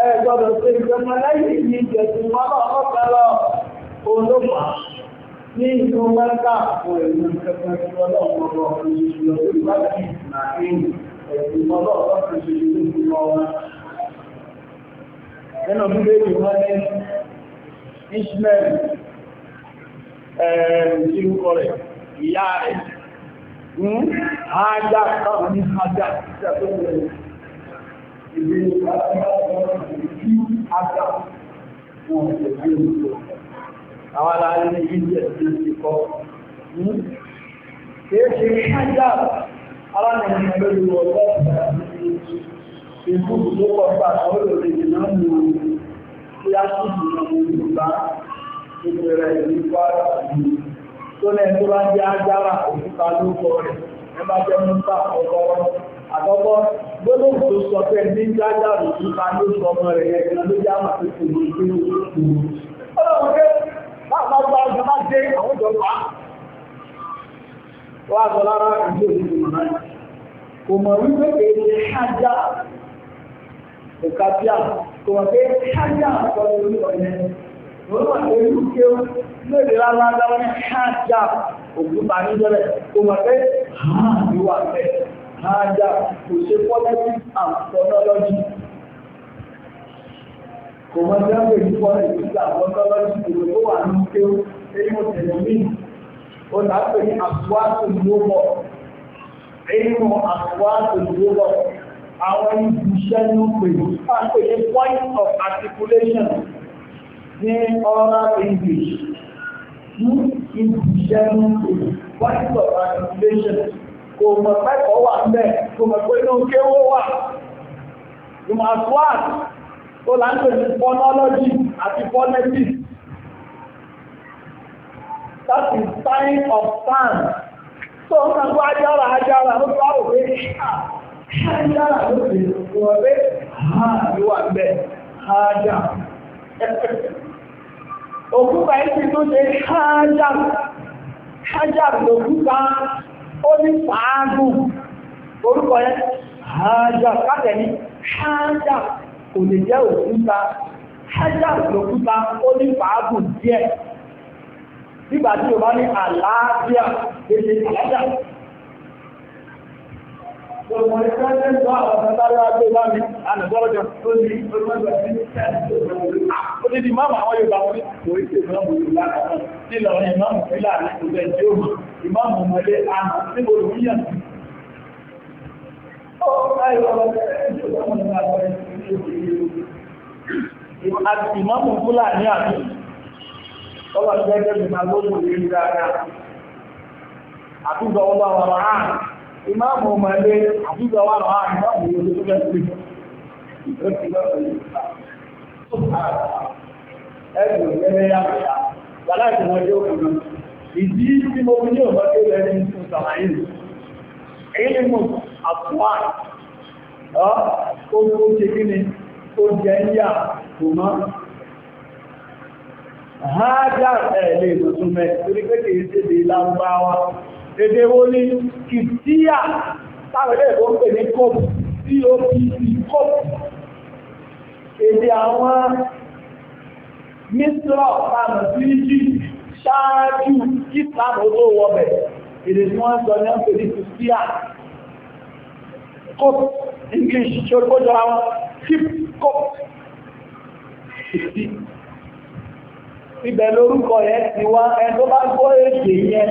ẹ gbọ́dọ̀ ṣe ìjọba lẹ́yìn ní ìjẹ̀sìn wọn náà ọ̀pẹ lọ olóòpá ní ìlú mẹ́ta fún ìlú kẹfẹ́ tí wọ́n náà wọ́n lọ fún ìṣòro lórí wájú ìsìn ẹ̀sìn wọn náà wọ́n fún ìṣòro lórí wọn. nínú bíbélì ìlú wọn ní Ishmael ìṣirúkọ rẹ̀ ìyá rẹ̀ ń ájá káwọn ní ájá ìṣẹ́ tó ń ìwé ìgbà tí wọ́n tí ó ti kọ́. Hmm? Kìí ṣe ṣájà aláàrẹ lórí ọjọ́ ìbú tó pọ̀ gbà tó lòdì náà tí a sì ní ọmọ Yorùbá ìbẹ̀rẹ̀ ìlú Kwara ìlú. Tó lẹ́yìn bá jẹ́ òkúta rẹ̀, àkọ́kọ́ gbólóhùn tó sọ pé ní jájàrò nípa ló sọ ọmọ rẹ̀ yẹn kan ló yá màá tó kù ní ìlú ìlú. ọlọ́run pé báwo bá gba bá dé àwọn ìjọ pa. wọ́n á sọ lára ìlú òní ìlú náà. kò mọ̀ wípé èyí ṣájà kí ó lóde rárá dáwọn òkúta níjọ́lẹ̀ kò mọ̀ pé hàn wà bẹ́ẹ̀ ààjà kò ṣe politics and chronology kò mọ sí ẹgbẹ́ ìlú politics and chronology kò lè wà ní kéwù èyí mo tẹ̀lé mí ó là ń pè ní àtúwàtò lóbọ̀ èyí mo àtúwàtò lóbọ̀ àwọn ìbùsẹ́ ní pè á pè ní point of articulation ní oral English ní ìbùsẹ́ ní pè point of articulation kò mọ̀ pẹ́kọ̀ọ́ wà ń bẹ̀ kò mọ̀ pé inú kéwó wà ìmọ̀síwáàt tó là ń pè ní phonology àti phonetics that is sign of sound tó ń kan kó ajára ajára ló bá òwe ajára ló fi wọ̀ pé ha ló wà bẹ̀ ajá òkúta yìí ti tó ṣe ajá ajá lòkúta ó ní fàágùn orúkọ yẹn hajjá kátẹ̀ní hajjá kò lè jẹ́ òkúta hajjá lòkúta ó ní fàágùn díẹ̀ nígbà tí o bá ní àlàáfíà lè ṣe àlàáfíà Gbogbo ẹgbẹ́ ẹgbẹ́ ọ̀sán tàbí àgbé bá mi, ànàbọ́rọ̀jọ́ tó ní ọgbọ́gbọ̀ sí ẹ̀sùn ìgbẹ̀rẹ̀. Ó ní di máa mọ̀ àwọn Yorùbá wọn ní kò ìpè mọ́ mọ̀ ìlú àkọ́kọ́ sí lọ ìmáàmù ìlà ní ìgbẹ̀ tí ó mọ̀. Ìmáàmù mọ̀lé àmà sí gbogbo yíyàn. Ó káyọ̀ ọ̀rọ̀ ẹ̀ẹ́jọ́ ọmọ ìgbà àkọ́kọ́ àti ìmọ́mù fúlàní àti ọlọ́gbẹ́gbẹ́ ìgbà lóòrùn ìrìn dáadáa àtúgbà ọlọ́wọ́ àwọn ààrùn ìmáàmù ọmọlé àbúgbà wà rọ̀ àìmáàmù ìlú tó fẹ́ pè ẹgbẹ̀rún ẹgbẹ̀rún yàtọ̀ yàrá ìtìmọ̀jẹ́ òkùnrin ìdí tí mo fi ní ọ̀pọ̀ tó lẹ́ni fún sàmáyé ìlú àtúwà ó tó ṣe kí ni mẹ́ torí kìí ṣe lè èdè wo ni kìtíyà táwẹ̀lẹ́ ìwọ́n pè ní cop cop èdè àwọn mísírọ̀ pàmù sí jí ṣáájú ìsìlámù tó wọ́bẹ̀ èdè tí wọ́n sọ ní wọ́n pè ní kìtíyà cop English tí ó gbójọ àwọn hip cop kìtí ibẹ̀ lórúkọ yẹn ti wá ẹni tó bá gbọ́ èdè yẹn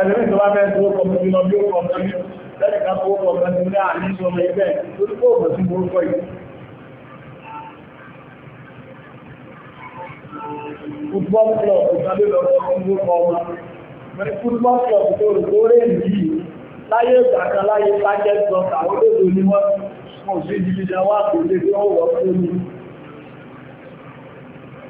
ẹ̀lẹ́mí tó bá fẹ́ tó kọmọ sí lọ bí ó kọmọ ní lẹ́nìká tó kọmọ sí ní àní sọmọ ẹgbẹ́ lórí kó òbò sí burúkọ yìí football club ìgbàlẹ́ lọ sí burúkọ wọn mẹ́rin football club tó rò tó rẹ̀ yìí láyé ìgbàkan láyé sájẹ́ sọ àwọn olóòdò ni wọ́n mọ̀ sí ìdílé wa kò lè fi ọwọ́ fún mi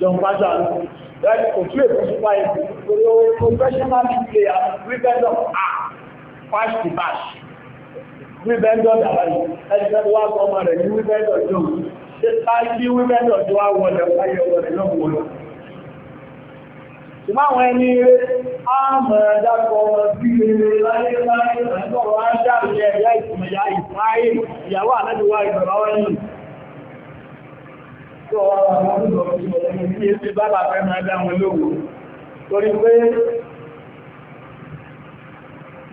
John Bajal. That portrayed by professional player, Rebendo are pass the bash. Rebendo Dabari, and that was on my Rebendo Jones. The time you Rebendo do I want to fire over the long one. Ìmá àwọn ẹni àmọ̀ ẹ̀dàkọ̀ bí i láyé láyé ìrìnàjò ọ̀rọ̀ ajá ìyẹ̀ ìyá ìsìnmẹ̀yà ìfáyé ìyàwó àlẹ́dùwà ìgbẹ̀rẹ̀ ọ̀rẹ́ tó àwọn ọmọ ọdún tí èsì bábà fẹ́ máa dá wọn lówó torí pé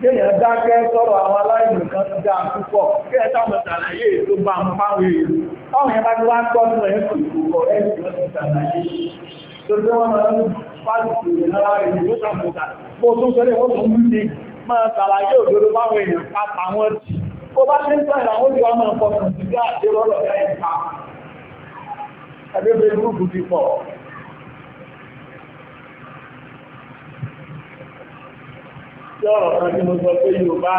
kéèyàn dákẹ́ sọ̀rọ̀ àwọn aláìní kan ti dáa púpọ̀ kí ẹ táwọn ṣàlàyé tó bá ń fáwọn èrò táwọn yẹn bá ti wá ń gbọ́ nínú ẹ̀ kò kò ẹ̀ sì wọ́n ti ṣàlàyé tó tó wọ́n máa ń fásitì ìrìnlára èrò tó ṣàmùtà bó tún sọ lè wọ́n tó àdébẹ̀ gúrùpù ti pọ̀ tí ọ̀rọ̀ kan tí mo sọ pé Yorùbá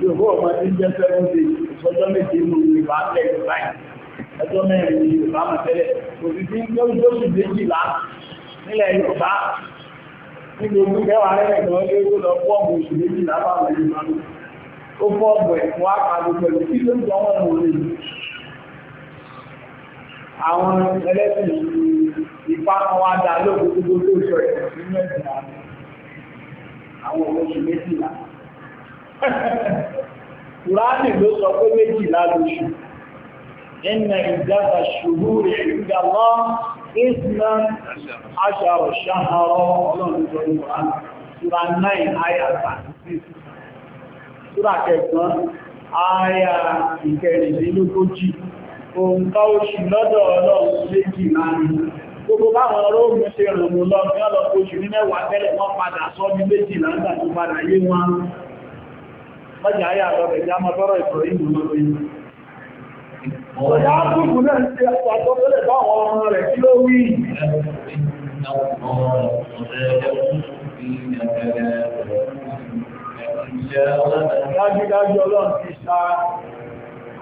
Yorùbá ọmọ tí jẹ́ seven days ìsọjọ́ méje ní Yorùbá lẹ̀ Yorùbá ẹjọ́ mẹ́rin ní Yorùbá mọ̀ tẹ́lẹ̀ kò sí sí lóṣù méjìlá nílẹ̀ Yorùbá níbi ogun mẹ́wàá rẹ̀ kan lé ó lọ fọ́ọ̀mù oṣù méjìlá báwọn Yorùbá ó fọ́ọ̀mù ẹ̀ fún àkàlù pẹ̀lú kí ló ń jọ àwọn ẹlẹ́sìn ìfá kan wá dá lóògùn gbogbo tó sọ ẹ̀ nínú ẹ̀sìn àná àwọn oṣù méjìlá. Kùránì ló sọ pé méjìlá lóṣù. Ẹnà ìjábà ṣubú rẹ̀ ìgbà lọ, Ìsìnà aṣàrò ṣáhàrọ̀ ọlọ́run sọ ní Kùránì. Sura 9 ayà 36. Sura kẹsàn-án ìkẹrìndínlógójì. òǹkà oṣù lọ́dọ̀ ọlọ́run méjì máa ní gbogbo báwọn róòmù ṣe rọ̀mù lọ ní ọlọ́pọ̀ oṣù ní mẹ́wàá sọ ní méjì ṣe àtọ́fẹ́lẹ̀ báwọn ọmọ rẹ̀ kí ló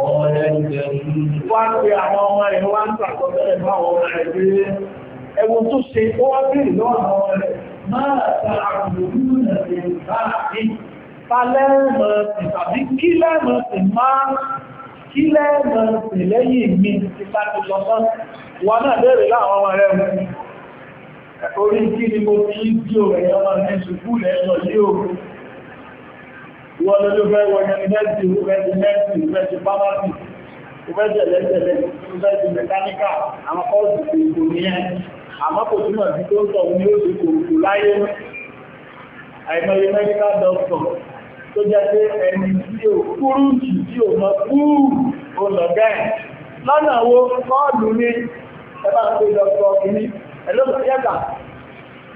Wọ́n ń pe àwọn ọmọ rẹ̀ wá ń tàkọ́bẹ̀rẹ̀ fún tó ṣe ó wá bèèrè lọ́wọ́ àwọn ọmọ máa ta àkùnrin ní ìrìnàjò Palẹ́mọ̀ sí tàbí kí lẹ́mọ̀ sí máa kí lẹ́mọ̀ sí lẹ́yìn mi ti sáti lọ sán. náà bèèrè láwọn ọmọ rẹ̀ ìwọ́n ló ló fẹ́ wọ yunifásitì ó fẹ́ ti mẹ́sì ó fẹ́ ti pharmacy ó fẹ́ ti ẹlẹ́tẹ̀lẹ́ ó fẹ́ ti mẹkáníkà àwọn kọ́ọ̀sì ti kò níyẹn àmọ́ kò túmọ̀ sí tó ń sọ ní ó ti kòkò láyé àìmọye medical doctor tó jẹ́ pé ẹni tí ò kúrú jù tí ò mọ kúrú ó lọ̀gá ẹ̀ lọ́nà wo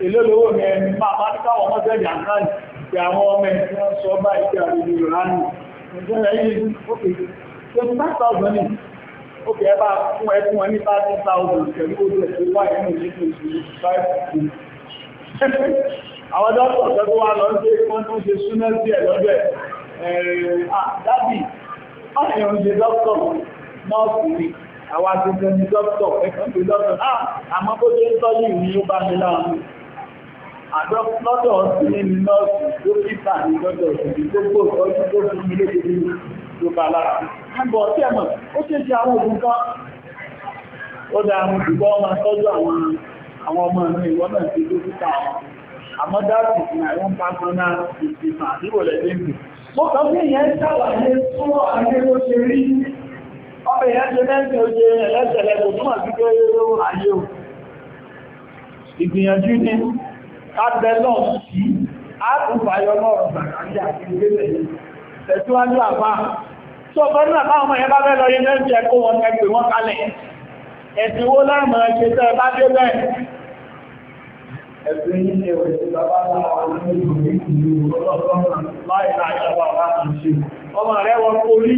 èlé lówó ní ẹni máa bá ní káwọn ọmọdé jàǹkàn ti àwọn ọmọ ẹ̀ tí wọ́n sọ bá ìdí àrùn ìrọ̀lá ní ìjọba yìí ókè 25,000 ní ókè ẹ bá fún ẹ fún ẹ ní 30,000 pẹ̀lú ojú ẹ̀ tó wà nínú ìlú ìlú 5,000 àwọn dọ́kọ̀ tó wà lọ sí wọ́n tó ṣe súná sí ẹ̀ lọ́dọ̀ ẹ̀ dábì ọ̀yàn ṣe dọ́kọ̀ nọ́ọ̀sì ni àwọn ẹ̀kọ́ ṣe dọ́kọ̀ àmọ́ bó ṣe ń tọ́jú ìrìn ó bá mi láàrín àdọ́lọ́dọ̀ sílé dókítà ní ọdún tó fi ilé dédé tó bá lára. Ẹgbọ̀ tí ẹmọ̀, ó ṣe ṣe àwọn kan, ó dá náà dókítà wọn. Àmọ́ dáàbò ní àwọn Mo kàn ìyẹn fún àyè ṣe rí. Ọmọ ìyẹn ṣe kábẹ́lọ̀ sí àtúfàyọ lọ́rọ̀ sàkájá àti ìgbésẹ̀ tẹ̀síwájú àbá tó ọkọ̀ nígbà táwọn ọmọ yẹn bá bẹ́ lọ yẹn lẹ́sí ẹ̀kọ́ wọn ẹgbẹ̀ wọn kalẹ̀ ẹ̀sìn wo láàmù ẹ̀ṣẹ̀ tẹ́ bá dé bẹ́ẹ̀ ẹ̀sìn yìí ni ẹ̀wẹ̀ bàbá láwọn olóògbé ìlú ọlọ́gbọ́n láì láì lọ́wọ́ àwọn àṣìṣe ọmọ rẹ̀ wọn orí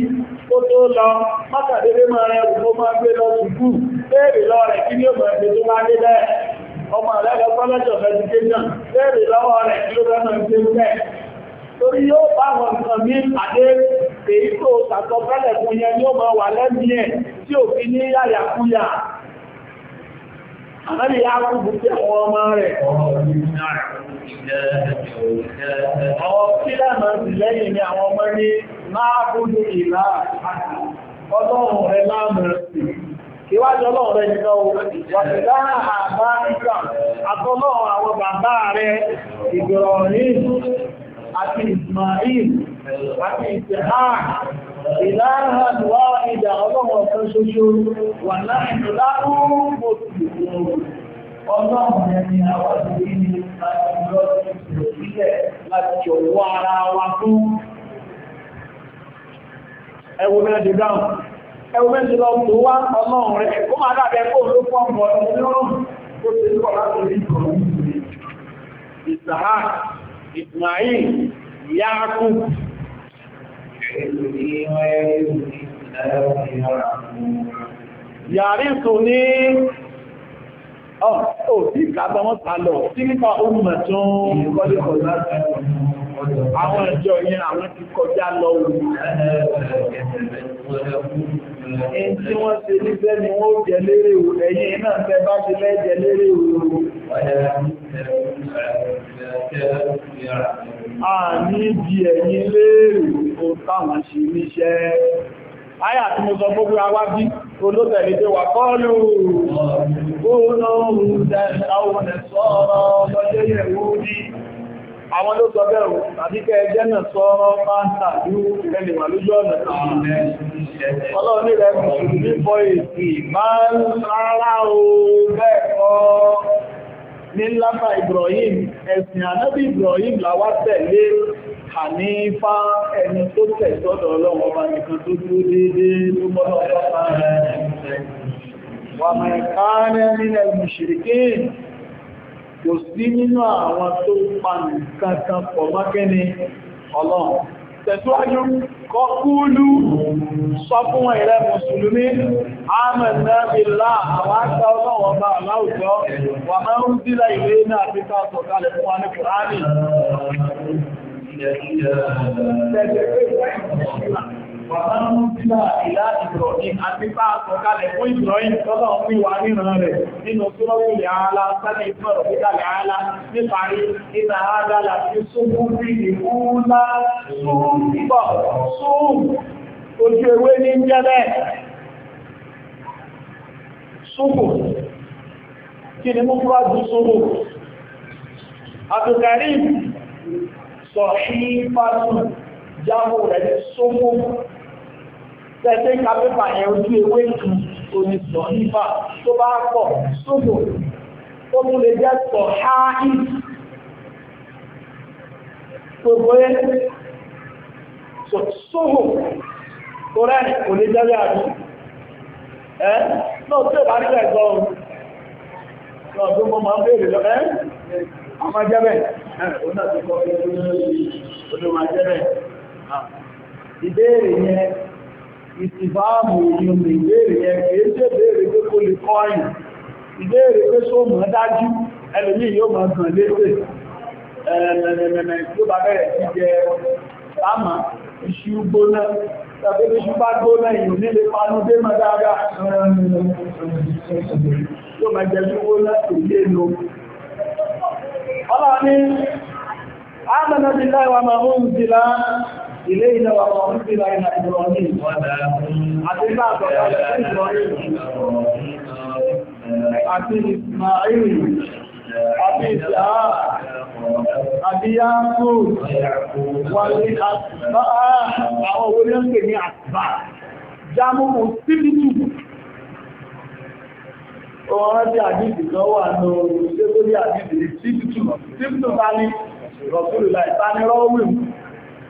ó tó lọ mọ́tàdélé máa rẹ̀ òkú máa gbé lọ sùkúù béèrè lọ rẹ̀ kí ni ó mọ̀ ẹ̀ṣẹ̀ tó bá dé bẹ́ẹ̀ ọmọ àlẹ́gà college of education léèrè lọ́wọ́ rẹ̀ kí ló fẹ́ràn ṣe ń bẹ́ẹ̀ torí yóò bá àwọn nǹkan ní àdé èyí tó sàtọ́fẹ́lẹ̀ fún yẹn yóò máa wà lẹ́bí ẹ̀ tí ò fi ní yàyàkúyà àmẹ́lì yá kúrò sí àwọn ọmọ rẹ̀ ọ̀rọ̀ sí lẹ́nà sí lẹ́yìn ni àwọn ọmọ ní máa bú ní ìlà ọlọ́run rẹ̀ láàmù sí ìwájú ọlọ́run ní ìgbà lọ sílẹ̀ láti jọ̀wọ́ ara ẹwọ méjì lọ tó wá ọlọ́run rẹ̀ kó máa dábẹ́ kó ló pọ̀ pọ̀ ọlọ́run tó ti pọ̀ láti rí kọ̀ ìsàhá Ismail Yaaku ní ọ̀ tí ìkàtọ̀ wọ́n sálọ̀ tí nípa oúnjẹ tó ń kọ́lé kọjá àwọn ìjọ yẹn àwọn ti kọjá lọ ẹ̀yìn tí wọ́n ṣe níṣẹ́ ni wọ́n jẹ lérè o ẹ̀yìn náà tẹ bá ṣe lẹ́jẹ lérè o àní di ẹ̀yìn lérè o táwọn ṣe níṣẹ́ Àyà tí mo sọ gbogbo awá bí olóbẹ̀lẹ̀ tí wà kọ́lù àwọn ló sọ bẹ́ẹ̀ tàbí kẹ ẹjẹ́ náà sọ́rọ̀ máa ń tàbí ẹlẹ̀ wà lójú ọ̀nà ọlọ́run ní rẹ̀ mùsùlùmí bọ́ èsì máa ń rárá o bẹ́ẹ̀ kọ́ ní lápá Ibrahim ẹ̀sìn ànábì Ibrahim làwá tẹ̀lé Hànífá ẹni tó tẹ̀ sọ́dọ̀ ọlọ́run ọba nìkan tó dúró déédéé ló mọ́lọ́ ọlọ́pàá rẹ̀. Wà mẹ́kánẹ́ nílẹ̀ mùṣìríkí kò sí nínú àwọn tó pa nǹkan kan pọ̀ mọ́kẹ́ni ọlọ́run. Tẹ̀síwájú kọkúlú sọ fún ẹ̀rẹ́ Mùsùlùmí, àmànà ìlà àwọn àṣà ọlọ́wọ́n bá aláwùjọ wà máa ń dílà ìwé náà fi ká sọ̀kalẹ̀ fún wa ní Kùránì. Nínú tí wọ́n wùlẹ̀ ààlá sálẹ̀ ìfẹ́rọ̀ pítàlẹ̀ ààlá níparí ìta ààlá láti súnmú rí ìfúnlá súnmú pípọ̀ súnmú ojú ewé ní jẹ́lẹ̀. Súnmú kí ni mú fúrájú súnmú? Àbùkàrí sọ̀hífàtù jámù rẹ̀ ní sómú tẹ́tẹ́ ka pépà yẹn ojú ewé tu òní sọ̀hífà tó bá pọ̀ sómú tó mú lè jẹ́ sọ̀háì gbogbo yẹn sómú tó rẹ̀ kò lè jẹ́ àdú ẹ́ náà tó bá rí ẹ̀gbọ́n náà tó mọ́ máa ń béèrè lọ ẹ́ ọmọ jẹ́bẹ̀ ìbéèrè yẹn ìsìfàámù ìyọmọ ìbéèrè yẹn kìí ṣe béèrè pé kó lè kọ́yìn ìbéèrè pé só mọ̀ dájú ẹlòmí yóò mọ̀ kàn léṣe ẹ̀ẹ̀mẹ̀mẹ̀mẹ̀ tó bá bẹ̀rẹ̀ sí jẹ sáàmà iṣu gbóná tàbí iṣu bá gbóná ìyò nílé panú dé mọ̀ dáadáa ọlọ́ni ámànàbílá wa máa ń zìlá ilé ilẹ̀ wa máa ń zìlá ìlà ìrọ̀lẹ́ àti bá àtọ̀lẹ́ àti Ismail àti ìṣà àti yáàkù wàlé àtìbá àwọn orí ń pè ní àtìbá jámù Wọ́n rántí àdìsì kan wà ní oòrùn tí ó rí àdìsì ní Típtù. Típtù bá ní Rọ̀súlù láì bá ní Rọ́wìn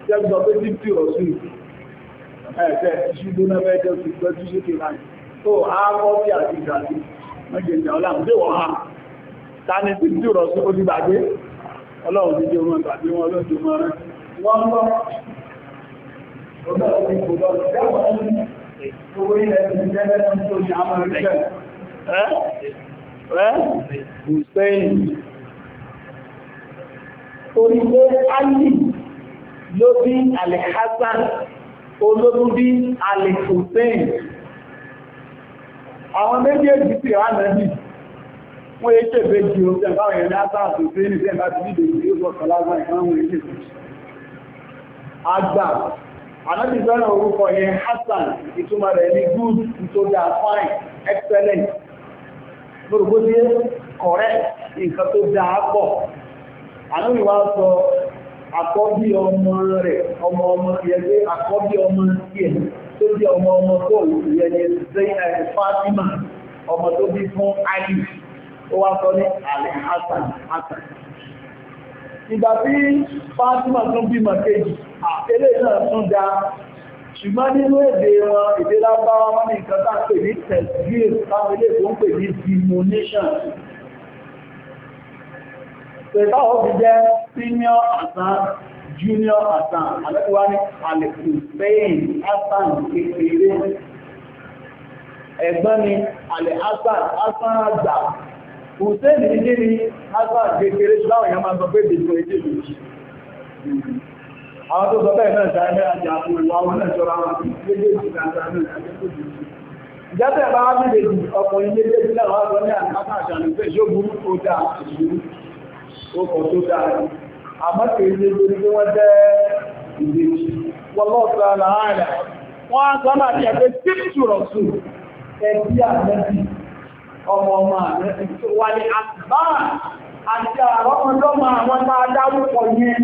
jẹ́gbọ́ pé Típtù Rọ̀súlù. Ẹ̀ẹ́fẹ́ ìṣúgbó náà fẹ́ jẹ́ ti gbẹ́jú sókè láì. Tó ààbọ̀ bí àdìsì àti mẹ́jẹ̀jẹ̀ ọlámùdé wọ́n ha. Ta ni Típtù Rọ̀súlù ó ti gbàgbé? Ọlọ́run ti jẹ́ ọmọ ìgbàgbé wọn lójú mọ́ wọ́n lọ. Ọlọ́run ti kò lọ Hussein torí pé Ali ló bí Al-Hassan olóògùn bí Al-Hussein àwọn méjèèjì sí ìrànàbí wọ́n yé ṣe bèjì oúnjẹ báwọn ẹ̀rẹ́ àtàkù sí ní ṣẹ́ láti nílò ìlú ọ̀sán lágbà ìrànwọ̀ èdè àgbà ànábì sọ́nà orúkọ yẹn Hassan ìtumọ̀ rẹ̀ ní good tó dáa fine excellent lórúkọ sí kọ̀rẹ́ nǹkan tó dáa pọ̀ ànúwìwá sọ àkọ́bí ọmọ rẹ̀ ọmọ ọmọ yẹgbẹ́ àkọ́bí ọmọ tiẹ̀ tó jẹ́ ọmọ ọmọ tó yẹnyẹ sẹ́yìn ẹ̀ Fátímà ọmọ tó bí fún Ali ó wá sọ ní alẹ́ Hasan Hasan ìgbà tí Fátímà tún bímọ kejì àtẹ́lẹ̀ náà tún dáa ṣùgbọ́n nínú èdè wọn èdè lábáwá wọn ní nǹkan tá pè ní tẹ̀síl táwọn ilé tó ń pè ní denomination pẹ̀láwọ́ fi jẹ́ senior àtàn junior àtàn alẹ́kùnwá ní àlẹ́kù spain àtàn kékeré ẹ̀gbọ́n ni alẹ́ àtàn àtàn àgbà hussein ní kí ni àtàn kékeré ṣùgbọ́n àwọn èèyàn máa sọ pé bèèrè èdè lòjì àwọn tó sọ bẹ́ẹ̀ mẹ́ta ọkùnrin ẹgbẹ́ àmẹ́bí ọmọ ọmọ àmẹ́bí tó wà ní àtìbáà àti àwọn àwọn yẹn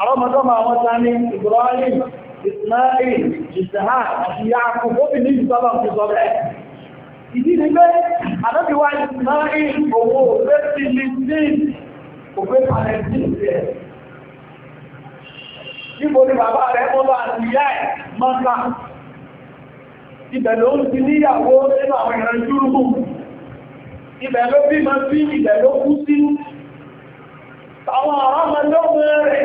àrọ́mọdọ́mọ àwọn tani Ibrahim Ismail Isaha àti Yaakub obì ní ìsọ́lọ̀ ti sọ bẹ́ẹ̀ ìdí ni pé àdọ́bíwá Ismail owó òfé Philippine òfé Palestine rẹ̀ níbo ni bàbá rẹ̀ mọ́ bá ti yá ẹ̀ mọ́ta ibẹ̀ ló ń ti níyàwó nínú àwọn ìran júrùmù ibẹ̀ ló bí ma bí ibẹ̀ ló kú sí àwọn àrámọ́ lọ́wọ́ rẹ̀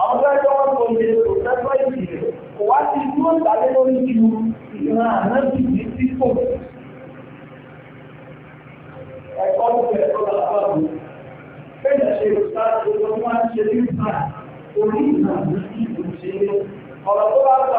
àwọn tó ẹjọ́ wọn kò lè tó tẹ́tọ́ ìdílé kò wá sí dúró ìdálé lórí ju ìran àná jù ní sípò. ẹ̀kọ́ tó fẹ́ tó lọ bá wù. bẹ́ẹ̀ ṣe ìsáàtì tó máa ń ṣe ní ìgbà orí ìrìn àná sí ìlú ṣe ọ̀rọ̀ tó bá gbà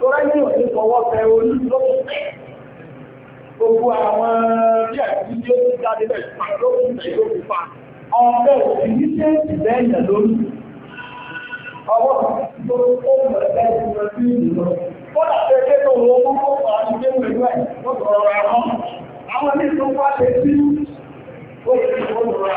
Tọ́lá ní ṣe ìbẹ́yàn lórí. Ọwọ́ tó ó mọ̀ ẹ́ sí ìlú. Bọ́lá ṣe ké tó mú kó pa ní ké pẹ̀lú ẹ̀ tó sọ̀rọ̀ àwọn. ní tó wá ṣe sí ó ti kó lọ́ra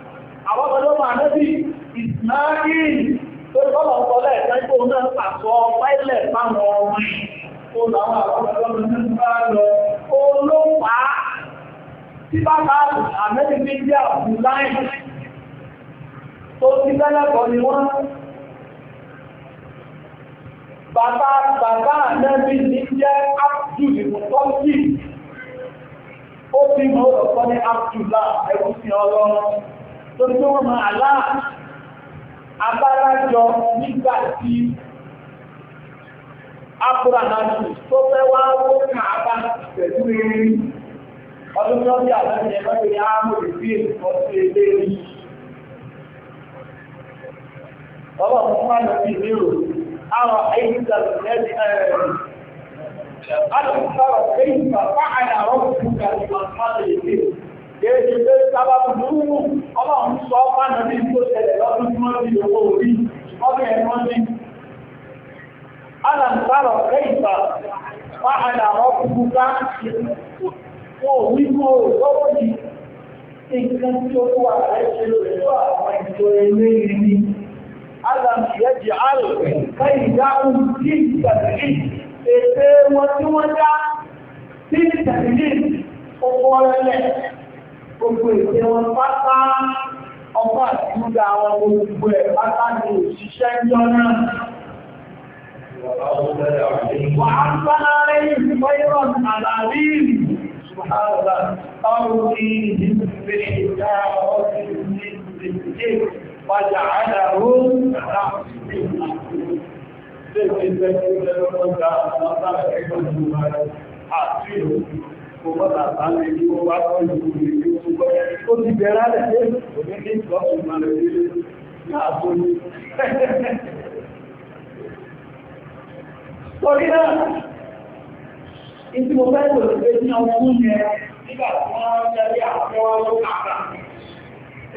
àwọn ọmọdọ́mọ ànábì Ismail tó kọ́lọ̀ ń kọ́lẹ̀ ẹ̀sẹ́gbò náà pàṣọ pẹ́lẹ̀ fáwọn ọmọ tó láwọn àwọn ọmọdọ́mọ ní bá lọ olóòpàá tí bá bá ànábì ní jẹ́ àbúláì tó ti bẹ́lẹ̀kọ́ ni wọ́n bàbá bàbá ànábì ní jẹ́ ápùdù ìmùtọ́sí ó fi mọ́ ọ̀pọ̀ ní ápùdù láà ọlọ́run lórí tó wọ́n máa àlá abárajọ nígbà tí abúrànàjù tó fẹ́ wá wó ní àbá eré ọdún tó bí àlọ́jẹ lọ́dẹ̀ yá mọ̀ ìbí èkó ilé rí ọwọ́ fún wọn lọ sí àwọn lẹ́dí sọ̀rọ̀ fún Kéèjì pé sábà ọba ọlọ́run sọ fánà bí tó ṣẹlẹ̀ lọ́dún tí wọ́n fi owó orí ọdún ẹ̀ ní. Alan ọrụ Kẹ́ìfà wá ọkùnkùn ká wọ́n wí kó lọ́wọ́ Nǹkan tí ó wà àwọn ìjọ ilé ìrìn ètè wọn tí wọ́n gbogbo ìpé wọn pátá ọkọ̀ àti ìgbà àwọn gbogbo ẹ̀ pátá ní òṣìṣẹ́ jọ náà. Wà á ń bá lára yìí sí Báyọ̀ àlàrí Ṣùgbọ́n ọrùn ní ìdíje ìdá ọdún ní ìdíje wájà àdàrú àti ìgbẹ̀rẹ̀ ọjọ́ àti ìgbẹ̀rẹ̀ ọjọ́ àti ìgbẹ̀rẹ̀ kò mọ́ bàbá lè ní wọ́n wá kọ́ ìlú rẹ̀ ó ti bẹ̀rẹ̀ rẹ̀ pé òní ní ìtọ́sùn máa rẹ̀ nílé náà tó ní. Sọ̀rí náà, ìtí mo fẹ́ lò pé ní ọmọ mú yẹn nígbà tí wọ́n jẹ́rí àwọn ọlọ́ kàkà.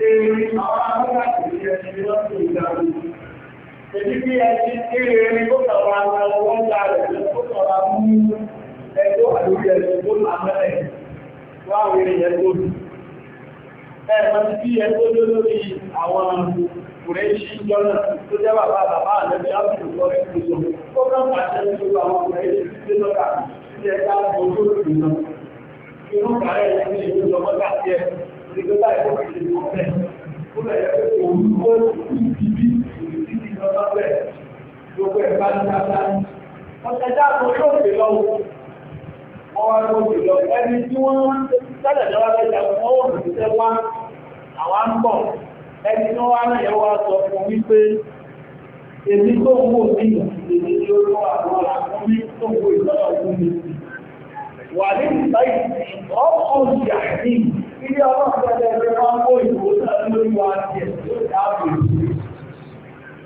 Èrè àwọn alágbàtì yẹn ti lọ́sùn ìdáwó. Èdí bí ẹ ti kéré ní kó sọ̀rọ̀ àwọn ọlọ́wọ́ ń darẹ̀ lọ́sọ̀rọ̀ àwọn mú ẹ̀kọ́ àlórí ẹ̀sùn tó máa èèyàn tó bí. ti bí àwọn Kùrẹ́ṣí jọ́nà tó jẹ́ bàbá bàbá àlẹ́bí ní lọ́wọ́. wọ́n wá lóòjì lọ ẹni tí wọ́n tẹ́lẹ̀ lọ́wọ́ lẹ́jà wọ́n wọ́n ti tẹ́ wá àwọn ń bọ̀ ẹni tí wọ́n náà yẹwọ́ sọ fún wípé èmi tó ń wò ní ìdílé tí ó lọ́wọ́ àwọn àkúnmí tó ń wò ìlọ́wọ́ fún mi wà ní ìsáyìí ọkọ̀ ìyà ní ilé ọlọ́pàá ẹgbẹ́ wọn kó ìwòsàn lórí wa tiẹ̀ tó dáàbò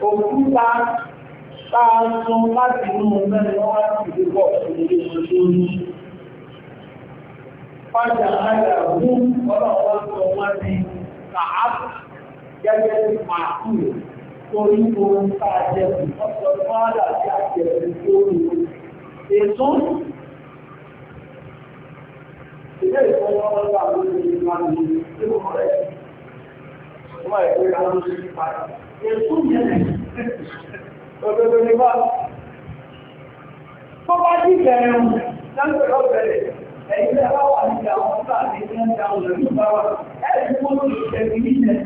òkúta táa sun láti inú mẹ́rin wọ́n wá sí púpọ̀ ìdílé ìṣòro Fájà láyà mú ọlọ́wọ́ sọ wọ́n ní kàápù gẹ́gẹ́ bí màákù torí ohun táa jẹ ọ̀sọ̀ fáàdà tí a jẹ ìṣòro ètò ilé ìfowópamọ́ àwọn olùdíje máa ń èkú yẹn òdòdó ni bá tó bá jí bẹ̀rẹ̀ lọ́pẹ̀ lọ́pẹ̀lẹ̀ ẹ̀yìn lẹ́ bá wà nígbà àwọn sáà ní ẹ̀ńdà òlòdó bá wà ẹ̀rẹ̀ tí wọ́n lòdì tẹ̀lé nílẹ̀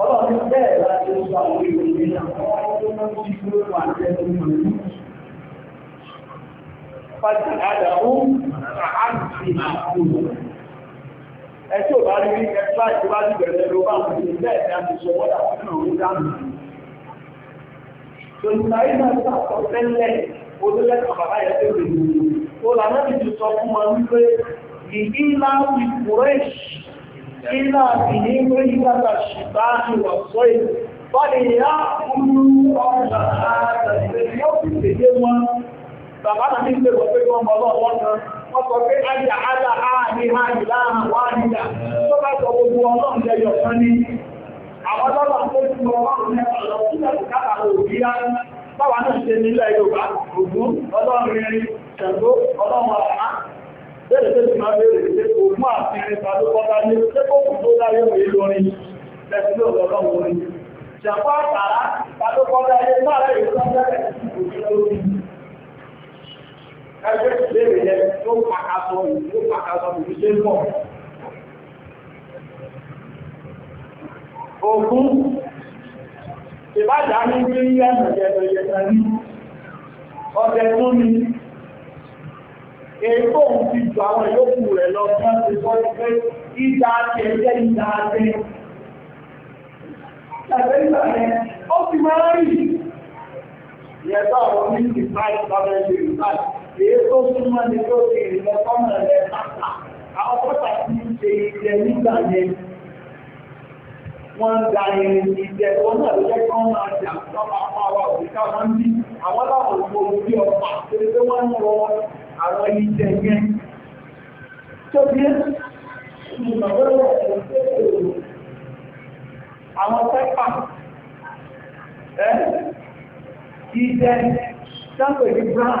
ọlọ́run bẹ́ẹ̀ láti ó sọ àwọn ìròyìn àwọn ọmọ tó máa ń jí kúrò wà ní ẹ̀ńdà òlòdó Fájì àdàmú àti àkùnrin ẹtí ò bá rí rí ẹgbẹ́ àti wá ní bẹ̀rẹ̀ ló bá wù ní bẹ́ẹ̀ ni a ti sọ wọ́n àti náà ń dáhùn. Tòlùmọ̀ ayé náà ti sọ tẹ́lẹ̀ olólẹ́kọ̀ọ́ bàbá yẹn tó lè wù. Olànà ti ti sọ fún wọn wípé ìdí ńlá ti kúrẹ́ṣì ìlà ìdí ń rí lára ṣùgbá ìwà sọ èyí. Bọ́lì ìyá kúrú ọ̀rọ̀ àtàlẹ́ yóò fi tètè wọn. Bàbá náà ti ń pé wọ́n mọ ọkọ̀ pé ájá ájá ààrí ààrí láàrín wà nígbà tó bá sọ gbogbo ọlọ́run jẹyọ kan ní àwọn ọlọ́run tó ti mọ ọlọ́run ní ọlọ́run tó ti kára òbí á báwa náà ṣe nílẹ̀ Yorùbá ògún ọlọ́run rin ṣẹ̀gbó ọlọ́run àmá bẹ́ẹ̀ tó ti máa bẹ̀rẹ̀ pé ògún àfihàn ìpàdé kọ́ta ní pépòkù tó láyé òye lórin lẹ́sìn lọ́rọ̀ orin ṣàpá àtàrà ìpàdé kọ́ta ní ẹgbẹ́ ìbéèrè yẹn tó pàkàtọ̀ ìlú pàkàtọ̀ ìlú ṣe ń bọ̀. Ògún ìbájá ní pé yẹ́ ẹ̀mẹ̀jẹ̀ ẹ̀yẹ̀ ní ọdẹ tó ní èyí tó ń fi jù àwọn ìyókù rẹ̀ lọ sí ọdún tó ń pé ìdá àti ẹ̀jẹ̀ ìdá àti ẹ̀jẹ̀ ìdá yẹn ó ti máa rí ìyẹ̀tọ́ èyí tó súnmọ́ ní tó ti ìlọ fọ́nà rẹ̀ pátá àwọn pátá ti ń ṣe ìjẹ nígbà yẹn wọ́n ń da irin ìjẹ wọn náà ló jẹ́ kí wọ́n máa jà lọ́pọ̀ apá wa òkúta wọn bí àwọn láwọn òkú orí ọ̀pá torí pé wọ́n ń rọ àwọn ìjẹ yẹn tó bí àwọn pẹ́pà ẹ́ ìjẹ brown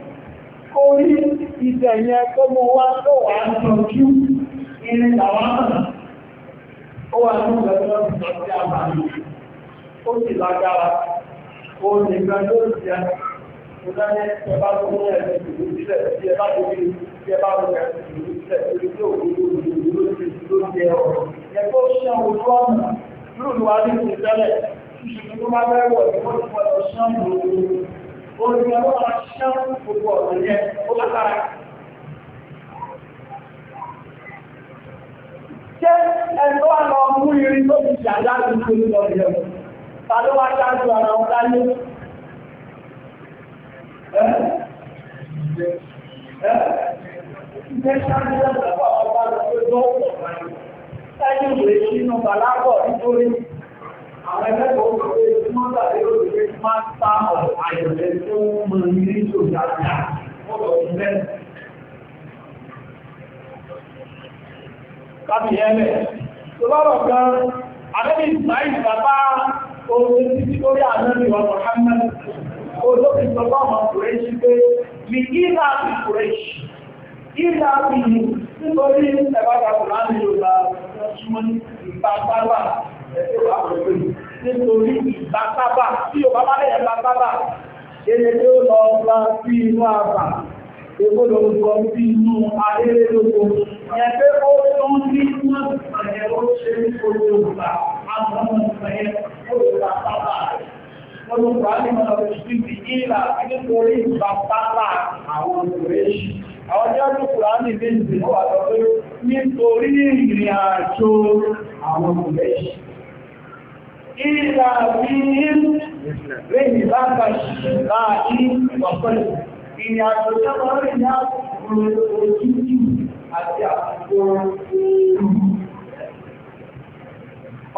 kó rí ìtẹ̀yẹ kó mọ́ wá tó wà ní ọjú irin làwárà ó wà ní ọjọ́ ìjọsí àbáyé ó sì lágbára ó ní gbẹ́gbẹ́ òṣìṣẹ́ ìdájẹ́ ẹbá tó mú ẹ̀rẹ́ ìlú sílẹ̀ tí ẹbá tó bí ẹbá tó rẹ̀ ìlú sílẹ̀ torí tí òkúrò ìlú ló jẹ ọ̀rọ̀ ẹ̀kọ́ ṣán ojú ọ̀nà lóòlùwà ní ìtẹ́lẹ̀ ṣùgbọ́n tó bá bẹ́rẹ̀ wọ̀ ní wọ́n ti pọ̀ orin ọwọ́ aṣá gbogbo ọ̀rọ̀ yẹn ó lágbára. Ṣé ẹ̀tọ́ wà lọ mú irin tó ti ṣàdá tuntun lọ yẹn? Ta ló wá ṣáájú ara wọn dáyé? Ṣé ṣáájú lọ́pọ̀ ọba lọ pé lọ́wọ́? Ṣáájú ìwé sínú bàlágọ̀ nítorí àwọn ẹgbẹ́gbẹ́ òṣèré tí wọ́n tàbí òṣèré máa ń ta ọ̀rọ̀ àyẹ̀lẹ́ tó ń mọ ní ìṣòjájá ọ̀rọ̀ ìlẹ́ Kábí ẹlẹ̀, tó lọ́rọ̀ kan, àdẹ́bí ìsmáì bàbá oòrùn títí lórí àdẹ́bí wa Mohammed, olóòrùn sọpá ọmọ Kùrẹ́ṣì pé, mi ìlà àti Kùrẹ́ṣì, ìlà àti nítorí ẹ̀bá nítorí ìgbàsábà tí ò bá lẹ́yìn ìgbàsábà eré tí ó lọ bá sí inú àbà èkó ló ń kọ sí inú ayéré lóko yẹn pé ó tó ń ní wọ́n ṣẹ̀yẹ ó ṣe ní ojú òkúta àwọn ọmọ ìṣẹ̀yẹ ó ọjọ́ tó ní ilé àtọ́fẹ́ nítorí ìrìn àjò àwọn òṣìṣẹ́ ìlà bí i rèyìn bá bá láàárín ọ̀pọ̀lù ìrìn àjò sábà rẹ̀ ní àwọn ojújú àti àkókò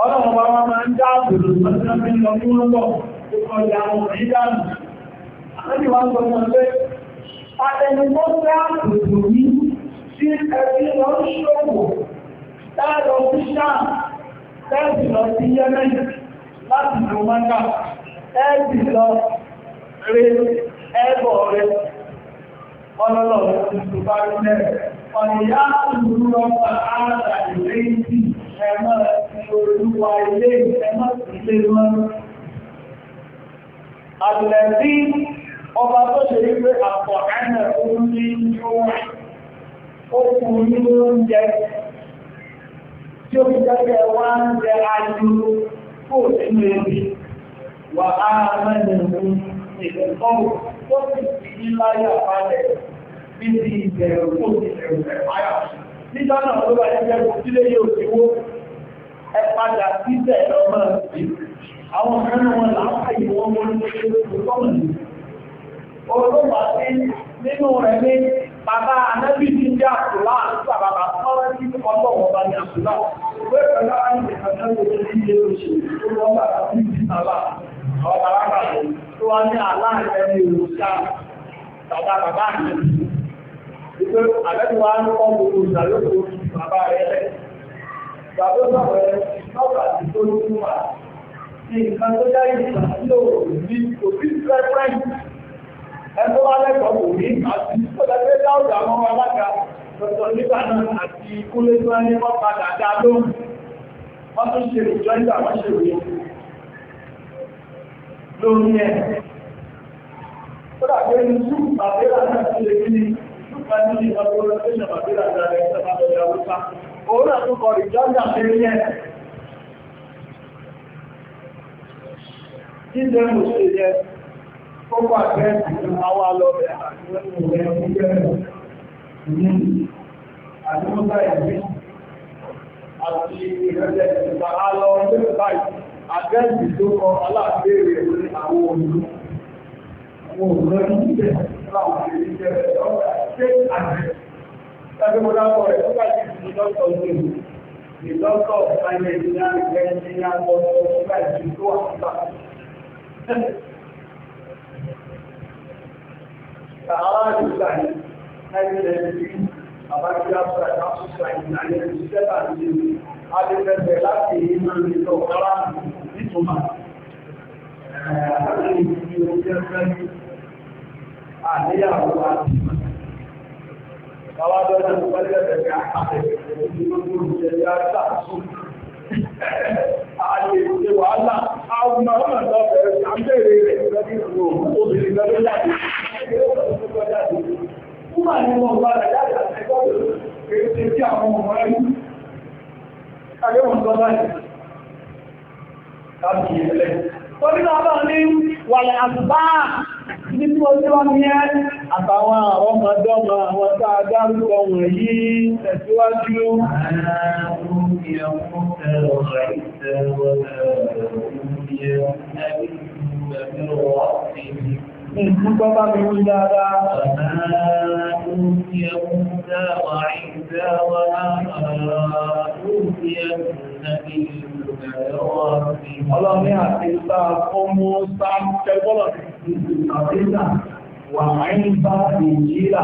ọlọ́run wa wọ́n máa ń dáàbò lọ́sọ́lọ́pẹ́ lọ mú lọ́pọ̀ tó kọjá àwọn ìdánù àti wọ́n gbọ́nà pé àtẹnumọ́ dáàbò lórí tí ẹbí lọ ń ṣòwò dáàbò sí sáà tẹ́ẹ̀sì lọ sí yẹ́mẹ́yìn láti lò mọ́ká ẹ́ẹ̀dì lọ rí ẹ́bọ̀ rẹ̀ ọlọ́lọ́ tuntun bá rí lẹ́rẹ̀ ọ̀nìyá tuntun lọ́pàá ààrẹ ilé ìdí ẹ̀mọ́ olúwa ilé ẹ̀mọ́ ilé wọn àtìlẹ̀bí ọba tó ṣe wípé àpọ̀ ẹ̀nà orí yóò okùn ní oúnjẹ tí ó fi jẹ́ wá ń jẹ ayúrú kò nínú ebi wà á mẹ́rin ìgbẹ̀kọ́rù tó sì fi ní láyé àpálẹ̀ bí ti ìbẹ̀rù tó ti ẹ̀rù ẹ̀páyà. Nígbà náà ló bá jẹ́ kò sílé yóò ti wó ẹ padà síbẹ̀ lọ́mọ sí. Àwọn kan wọn láàáyé wọn wọ́n ní ṣe kò tọ́mọ̀ nínú. Olóòpàá sí nínú rẹ̀ méjì bàbá anábì ti jẹ́ àtùlá àtúgbà bàbá sọ́rọ́ sí ọlọ́wọ́ bá ní àtùlá ìwé pẹ̀lú àwọn ìkàtà lórí ilé òṣèlú tó wọ́n bá tàbí ìdílá àwọn bàbá bàbá tó wá ní aláàrẹ ní òṣà bàbá bàbá àti ìwé àbẹ́tí wa ń kọ́ gbogbo ìdàlókò bàbá rẹ̀ lẹ̀ bàbá sọ̀rọ̀ ẹ̀ sọ́kà ti tó ní fún wa ní nǹkan tó dá ìgbà lò ní òbí fẹ́ fẹ́ ẹ̀tọ́ alẹ́kọ̀ọ́ kò ní àti ìṣẹ́lẹ̀ dáúdà àwọn alága lọ́tọ̀ nígbà náà àti kúlé tó ẹni wọ́n padà dá lóhùn wọ́n tún ṣe ìjọ ìgbà wọ́n ṣe ìwé lórí ẹ̀ kódà pé ní ṣùgbọ́n bàbá náà ti lè kí ní ṣùgbọ́n ní ìwọ̀n tó lọ sí ìṣẹ̀bàbá náà rẹ̀ ṣẹ̀bàbá náà rẹ̀ ṣẹ̀bàbá mò ṣe jẹ́ tó wà bẹ́ẹ̀sì ní àwà lọ́bẹ̀ àti ọ̀rẹ́ ẹgbẹ́ ní àdúgbà ìgbé àti ìrẹ́lẹ̀ ìgbà tó kọ aláàbẹ̀rẹ̀ ní àwọn olú àwọn òmìnira ìgbẹ̀ láwọn ìrìnjẹ́ ọ̀rẹ́ ṣe àjẹ́ tàbí mo dápọ̀ rẹ̀ sàárà nígbà yìí ẹgbẹ̀rẹ̀ àbájá pẹ̀lú àṣìṣà ìlànà ìṣẹ́bà ní adẹ́fẹ́fẹ́ láti iná nìtọ̀ ọ̀rá nìtùmà àti ìlú jẹ́fẹ́ àníyàwó àti Bàwádọ́dá ti pẹ́lẹ̀bẹ̀rẹ̀ àpàtẹ̀kẹ̀ẹ́ ìlú jẹ́ yáta sùn. Ààyè ìwé wàhálà, àwọn ọmọ ọmọ ọ̀dọ́ bẹ̀rẹ̀ àmì Fúnmà ní wọn bá rẹ̀ láti àtẹ́kọ́ èyí tí tí àwọn ọmọ ẹ̀rù. Àyẹ́wọ̀n tó láti láti ìrẹ̀lẹ̀. Wọ́n ní ọlọ́ ní wàlẹ̀ àtùbá ní tí wọ́n tí wọ́n ní ẹ́ àtàwọn àwọn ọmọdọ́mọ àwọn tá a dárúkọ wọ̀nyí tẹ̀síwájú. Àwọn ìdúkọ́ bá mi wí dáadáa. Ọlọ́ni àti ìgbà ọmọ sáà tẹ́gbọ́lọ̀ àti ìgbà wà ní ìgbà ìjìlá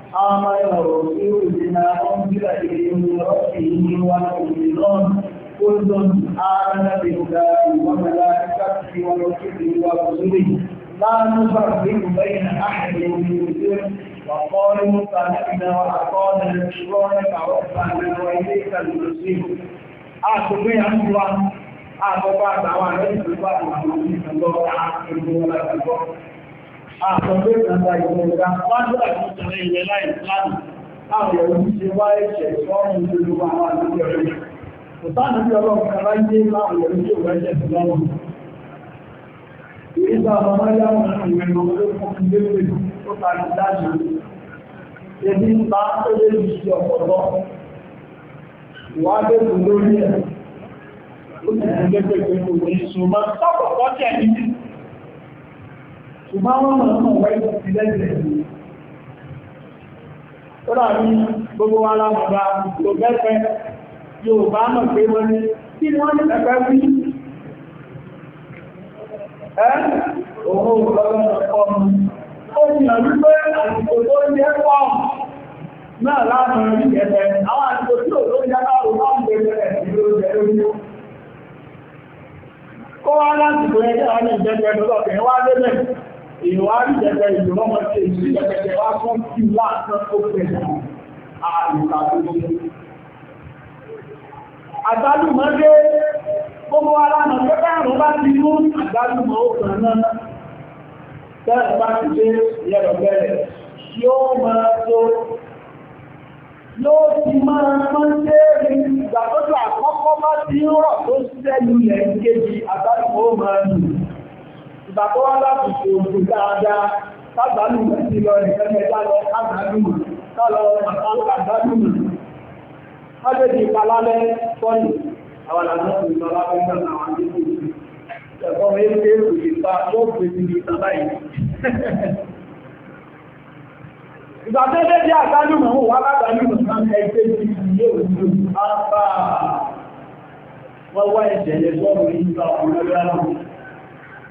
آمن الرسول بما أنزل إليه من ربه والمؤمنون كل آمن بالله وملائكته وكتبه ورسله لا نفرق بين أحد من رسله وقالوا سمعنا وأطعنا غفرانك ربنا وإليك المصير أخبرني عن الله أخبرنا عن الله أخبرنا عن الله àtọ̀lé ìgbàgbà ìgbẹ̀gbà pàdúrà ní ìtẹ̀lẹ̀ ilẹ̀ láì láàrín àwọn ẹ̀rọ ìṣe wá ẹ̀ṣẹ̀ ìṣọ́rùn ìlú àwọn àdúgbò rẹ̀. Òtánà bí ọlọ́run kan láyé láwọn ẹ̀rọ ìṣe òwẹ́ jẹ́ ti lọ́wọ́. Ìgbà ọmọ yáwọn ìrìn ọmọ ló fún ilé ìwé tó ta ní dájú. Ebi ń bá ó lé ìṣe ọ̀pọ̀lọ́. Ìwádé kò lórí ẹ̀. Ó sì ń lé pẹ̀lú ìṣòmọ́. Sọ́pọ̀ ṣùgbọ́n wọ́n mọ̀ ọmọ wáyé ti lẹ́sẹ̀ ó dàbí gbogbo wa lámọ̀dá tó bẹ́ẹ̀fẹ́ Yorùbá mọ̀ pé wọ́n ní kí ni wọ́n ní pẹ̀pẹ́ wí ẹ́ òun lọ́lọ́ náà láàrin orí ẹ̀fẹ́ àwọn àtìkò tí ò lórí yára ò máa ń bèèrè ẹ̀sìn lórí ẹ̀rọ ní kó wá láti bèèrè ẹ̀rọ ní ìjẹ́jẹ́ lọ́lọ́kẹ̀ẹ́ wá lélẹ̀ èèyàn wá rí jẹ́jẹ́ ìlú lọ́mọ ṣe ìlú jẹ́jẹ́ wá fún kí láàtọ́ tó bẹ̀rẹ̀ àìsà tó gbogbo. Àgbálùmọ́ dé gbogbo aláàmọ̀ tó dáàrùn bá ti mú àgbálùmọ́ òkàn náà. Tẹ́ẹ̀ bá ti dé yẹ̀rọ̀ bẹ̀rẹ̀ yóò máa tó yóò ti máa máa ń tẹ́ẹ̀rẹ̀ ìgbàtọ́jú àkọ́kọ́ bá ti rọ̀ tó ṣẹ́lú lẹ̀ ìgbà tó wá láti ṣe òkú dáadáa kágbàlù ti lọ ìfẹ́mẹ́ta lọ kágbàlù kálọ àgbàlù kájẹ́jì ìpalálẹ́ sọ́nì àwọn àlànà ìjọba fẹ́fẹ́ àwọn àdínkù ẹ̀kọ́ mẹ́rin ìpa yóò pè sí ìtàbá yìí ìgbà tó dé bí àgbàlù mọ̀ wà lágbàlù mọ̀ náà ẹgbẹ́ ti ilé òjò wọ́n wá ẹ̀jẹ̀ lẹ́gbọ́n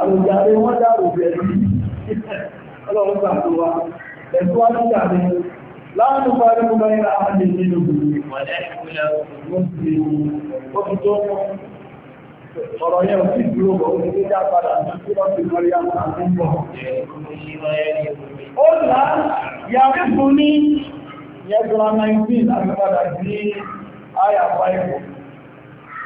àrùjáde wọ́n dárò bẹ̀rẹ̀ ọlọ́run sàtọwà ẹ̀kọ́ alájáde láàánú parí mú báyìí láàájẹ́ nínú ọ̀rọ̀ yẹn ò sí dúró bọ̀ ní títà padà ní kílọ̀ sí mọ́rí àti bọ̀. ó là yàrí fún ní yẹ́gbọ́n 19 àti padà sí àyà 5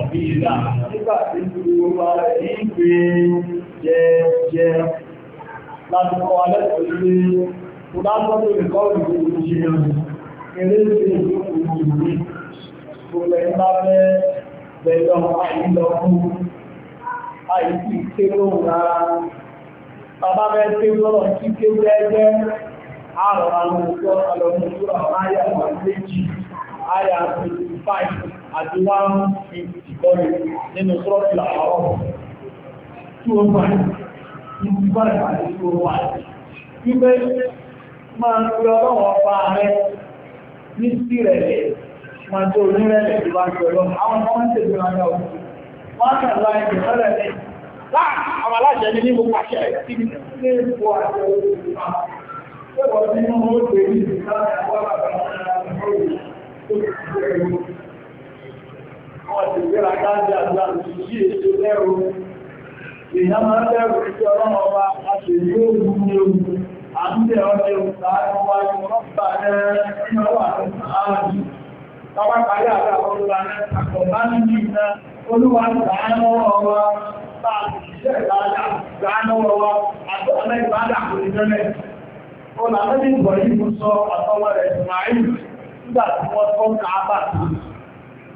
ọ̀bílá nígbà tí gbogbo ara ní pé jẹjẹ láti kọ́ alẹ́kọ̀ọ́lé tó bá tọ́jú ìkọ́ ìgbòho jìnà eré ṣe ìgbòho ìwé tó lẹ́ bá fẹ́ bẹ̀lọ àìlọ́kú àìsí kéwọ́ rárá bàbá fẹ́ kéwọ́ kí kéwọ́ ẹgbẹ́ àrọ̀ àwọn òṣìṣẹ́ ọlọ́mọdúnrà máyà wà méjì àyà 25 àti 150 kọ́lù nínú sọ́ọ̀tì àárọ̀ 205 25 àti 205 wípé máa ń pẹ ọlọ́wọ́ pa ààrẹ ní sí rẹ̀lẹ̀ máa tó onírẹ̀lẹ̀ tó bá ń pẹ̀lọ àwọn ọmọ ń tètè máa yọ wọ́n kà láì pẹ̀ sọ́lẹ̀ ní àwọn aláṣẹ ní nígbò pàṣẹ ìbí ọ̀sẹ̀ ìgbéra káàdì àdúrà sí èso lẹ́rù èèyàn máa ń lẹ́rù sí ọlọ́run ọba àti ìlú ogun ní ogun àmúlẹ̀ ọdẹ òkúta ọwá ìmọ̀lọ́pàá ẹ̀rẹ́ ìnáwó àti ààrùn tọ́pápàá àti àkọlùwà àkọ̀bá nínú iná olúwa gbàánọ́wọ́ wa bá àṣìṣẹ́ ìlàjà gbàánọ́wọ́ wa àti ọ̀nà ìbádà kò ní jẹ́lẹ̀ olùwàmẹ́lì ìbọ̀ yìí mú sọ àtọwọ́ rẹ̀ ìsmáìlì nígbà tí wọ́n tọ́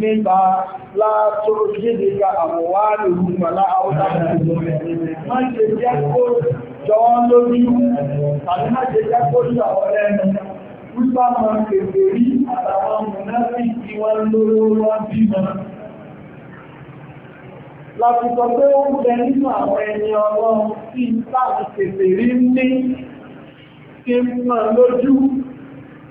nípa látòrò jíde ka àwọ̀wá lòrù pàlá àwọ́dá má ṣe jẹ́ kó jọ lójú tàbí má ṣe jẹ́ kó jọ ọ̀rẹ́nu wípá ma kèfè rí àtàwọn mùnáfí kí wọ́n lóró wọ́n bí ma látìkọ̀ pé ó ń bẹ nínú àwọn ẹni ọlọ́run tí ń tàbí kèfè rí ní kí ń pọ̀ lójú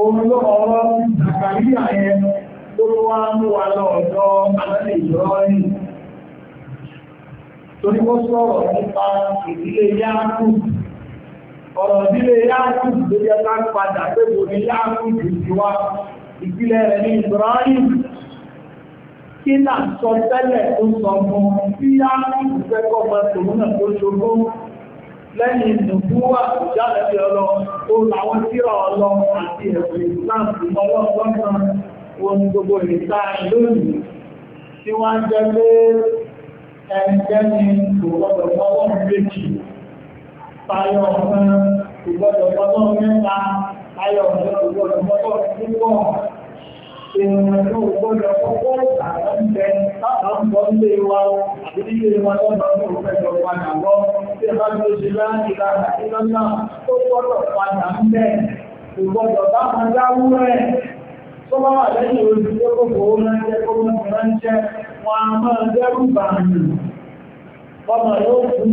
òun ló ọ̀rọ̀ Zakaria yẹn tó wá ń wà lọ́ọ̀dọ́ alẹ́ ìjọ́ yìí torí wọ́n sọ̀rọ̀ nípa ìdílé yáàkù ọ̀rọ̀ ìdílé yáàkù tó jẹ́ ká padà pébò ní yáàkù jù sí wá ìpìlẹ̀ rẹ̀ ní Ibrahim kí náà sọ tẹ́lẹ̀ tó sọ fún bí yáàkù fẹ́ kọ́ lẹ́yìn ìdùnkúwà ìjálẹ̀bẹ̀ ọlọ́run tó làwọn tíra ọlọ́run àti ẹ̀sùn ìsìláàmù ọlọ́run lọ́sàn ohun gbogbo ìta lónìí tí wọ́n jẹ́ pé ẹnikẹ́ni kò gbọdọ̀ fọ́wọ́n méjì tayọ ọ̀sán kò gbọdọ̀ fọ́wọ́n mẹ́ta tayọ ọ̀sán kò gbọdọ̀ fọ́wọ́n púpọ̀ ìrìnà tó gbọ́dọ̀ kọ́kọ́ àwọn ìfẹ́ láàrín bọ́ lé wa àti nílé wa lọ́nà tó fẹ́jọ padà lọ tí a bá tó ṣe láìlá ìlànà tó gbọ́dọ̀ padà ń bẹ̀ kò gbọ́dọ̀ bá wọn dáwúrọ̀ ẹ̀ tó bá wà lẹ́yìn oṣù tó kòkò ó ránṣẹ́ tó mú ránṣẹ́ wọn a máa dẹ́rù bàmì bọ́mọ yóò kú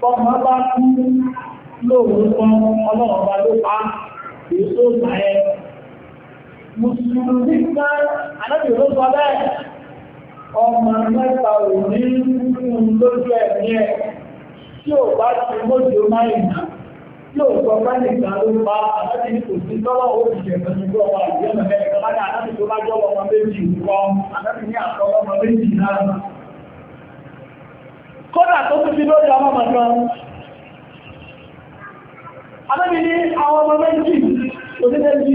bọ́mọ bá kú lóòótọ́ ọlọ́run bá ló pa èso náà mùsùlùmí kan alábìrò sọ bẹ́ẹ̀ ọmọ mẹ́ta ò ní fún lójú ẹ̀mí ẹ̀ tí ò bá ti mójú máìnà tí ò sọ bá nìkan ló bá alábì kò sí tọ́wọ́ ó ti jẹ̀ pẹ̀lú bí ọmọ àti ẹ̀mọ̀ ẹ̀ kọ́ láti alábì tó bá jọ́ ọmọ méjì nǹkan alábì ní àtọwọ́ ọmọ méjì náà kódà tó tún fi lórí ọmọ mọ̀kan alábì ní àwọn ọmọ méjì òdédé méjì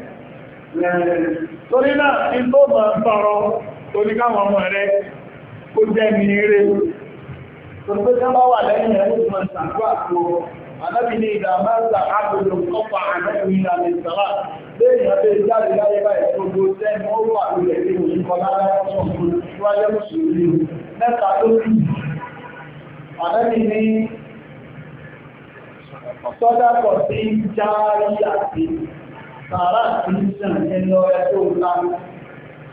torí náà in tó mọ̀ sọ̀rọ̀ torí káwọn ọmọ rẹ̀ ó jẹ́ ní eré tòrò tó bá wà lẹ́yìn rẹ̀ ó mọ̀ sàgbà àkókò àdábì ní ìdàmà ń sàkàkùnlò ọ̀pá àdábì ní àmìsàlá lẹ́yìn abẹ́ ìjáde láyé báyìí gbogbo sẹ́ni ó wà lórí ẹ̀dẹ́ òṣìkọ́ lára ọ̀pọ̀ ìwáyé mùsùlùmí mẹ́ta tó kù àdábì ní sọ́dá kọ̀ sí sàárà kìrìsìtàn ẹni ọrẹ tó ń lá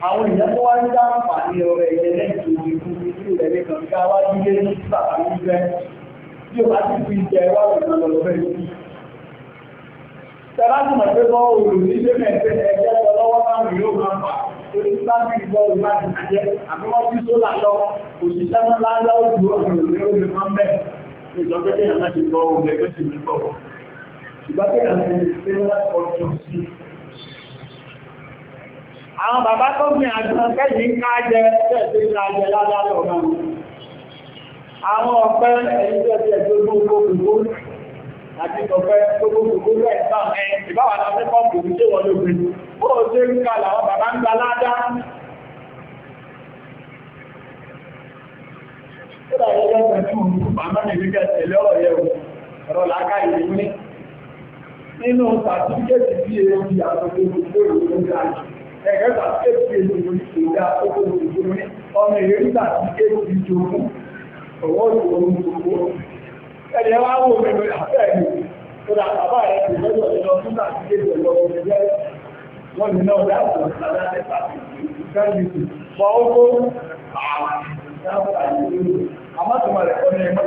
àwọn èèyàn tó wá ń dá àǹfààní ọrẹ ẹ̀yẹ lẹ́yìn tó ń fún ìlú rẹ̀ ní kan ká wá dílé ní bàbá ń jẹ́ bí ó bá ti fi jẹ wá lọ́nà lọ́fẹ́ sí. Tẹ́lá ti mọ̀ pé bọ́ òòlù ní ilé mẹ́fẹ́ ẹgbẹ́ lọ lọ́wọ́ máa rìn yóò máa fà torí bá ti gbọ́ òòlù láti jẹ́ àbúrò bí sólà lọ òṣìṣẹ́ ńlá lọ́wọ́ ju ọ̀rọ̀ ìlú ìgbàgbé àwọn ìfẹ́lá ọjọ́ sí. Àwọn bàbá tó ní àjọ̀n kẹ́yì ń ká jẹ tẹ́ẹ̀tẹ́ ń rájẹ ládàlọ́ náà. Àwọn ọ̀pẹ́ ẹ̀yìn tẹ́ẹ̀tẹ́ tó gbogbo gbogbo àti ọ̀pẹ́ tó gbogbo gbogbo ẹ̀ta ẹ̀ ìbáwà náà fẹ́ pọ́ǹpù ní ṣéwọ́ lóbi. Ó ṣe ń ká nínú sàtífíkẹ́tì bí èyí àtọ́jú gbogbo ìlú ga jù ẹ̀rẹ́ sàtífíkẹ́tì bí èyí ìgbà àkókò ìgbòho ní ọmọ ìrírí sàtífíkẹ́tì ìjogún ọwọ́ ìgbòho gbogbo ẹ̀rẹ́ wá wò mẹ́lú àfẹ́ ẹ̀mí tó dà bàbá rẹ̀ kò lọ́jọ́ ìlọ fún sàtífíkẹ́tì ọ̀lọ́ wọ́n ní náà dáàbò ìsàlá nípa ìgbàlejò fọ́ ọkọ̀ àwọn ìdáàbò àyè lóru àmọ́ tó máa rẹ̀ kọ́ ní ẹgbẹ́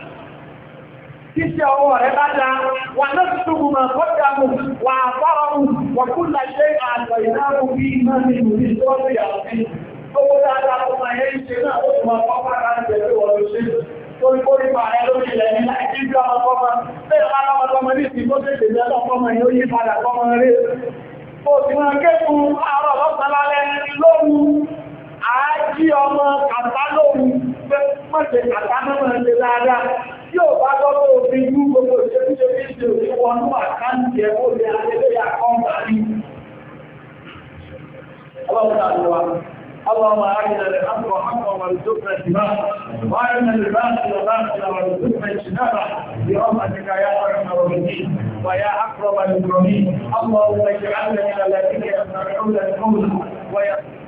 Iṣẹ́ ọwọ́ rẹ̀ bá dáa, wà náà ti tó gùn àkọ́jà mú, wà àfárọ̀ mú, wà kú láṣẹ́ àtọ̀ ìdáàbò bí iná ní ìlú ìtọ́jú ìyàwó sí. Owó dáadáa tó máa yẹ́ ìṣe náà ó ti máa kọ́kọ́ láti ẹ̀rọ ọ̀rọ̀ ṣe. Torí kó nípa rẹ̀ lórí ilẹ̀ ní láì kí bí ọmọ kọ́mọ. Bẹ́ẹ̀ bá lọ́mọ tọmọ ní ìsìn tó tètè jẹ́ lọ́kọ́mọ yóò yí padà kọ́mọ rí. Ó ti máa kékun àárọ̀ lọ́sàn-án lálẹ́ lóhun àájí ọmọ kàtá lóhun pé mọ̀ṣẹ̀ kàtá náà máa ń ṣe dáadáa tí ò bá lọ́wọ́ òfin mú gbogbo ìṣẹ́kúṣe fíṣẹ́ òní wọnú àkáǹtì ẹ̀wọ́ ilẹ̀ ayẹlẹ́yà kọ́ńtà ní ọlọ́pàá اللهم أعنا الحق حقا وارزقنا اتباعه وأعنا للباطل باطلا وارزقنا اجتنابه برحمتك يا أرحم الراحمين ويا أكرم المكرمين اللهم اجعلنا من الذين يستمعون القول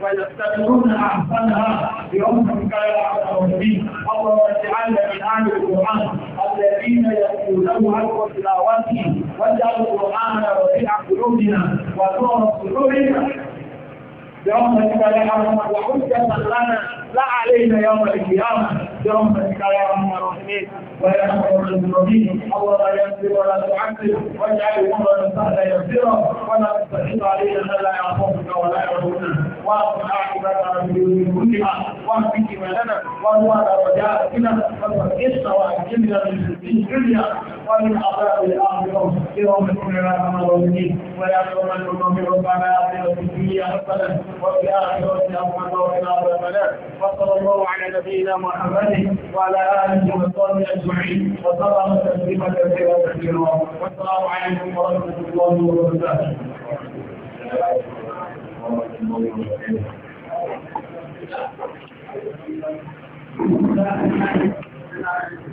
ويستمعون أحسنها برحمتك يا أرحم الراحمين اللهم اجعلنا من أهل القرآن الذين يقولون حق تلاوته واجعل القرآن ربيع قلوبنا ونور صدورنا برحمتك يا ارحم وحجة لنا لا علينا يوم القيامة برحمتك يا ارحم الراحمين ويا ارحم الراحمين الله لا يغفر ولا تعذب واجعل امرنا سهلا يغفره ولا تستحق علينا من لا يعصمك ولا يعصمنا واصل عاقبتنا بالدنيا كلها واهدك لنا وانوار رجاءنا وتوفقنا واكرمنا من الدنيا ومن عذاب الاخره برحمتك يا ارحم الراحمين ويا ارحم الراحمين ربنا اعطنا في الدنيا حسنه وفي آخرتنا محمد وإلى هذا وصلى الله على نبينا محمد وعلى آله وصحبه أجمعين وسلم تسليما كثيرا كثيرا والسلام عليكم ورحمة الله وبركاته Thank you.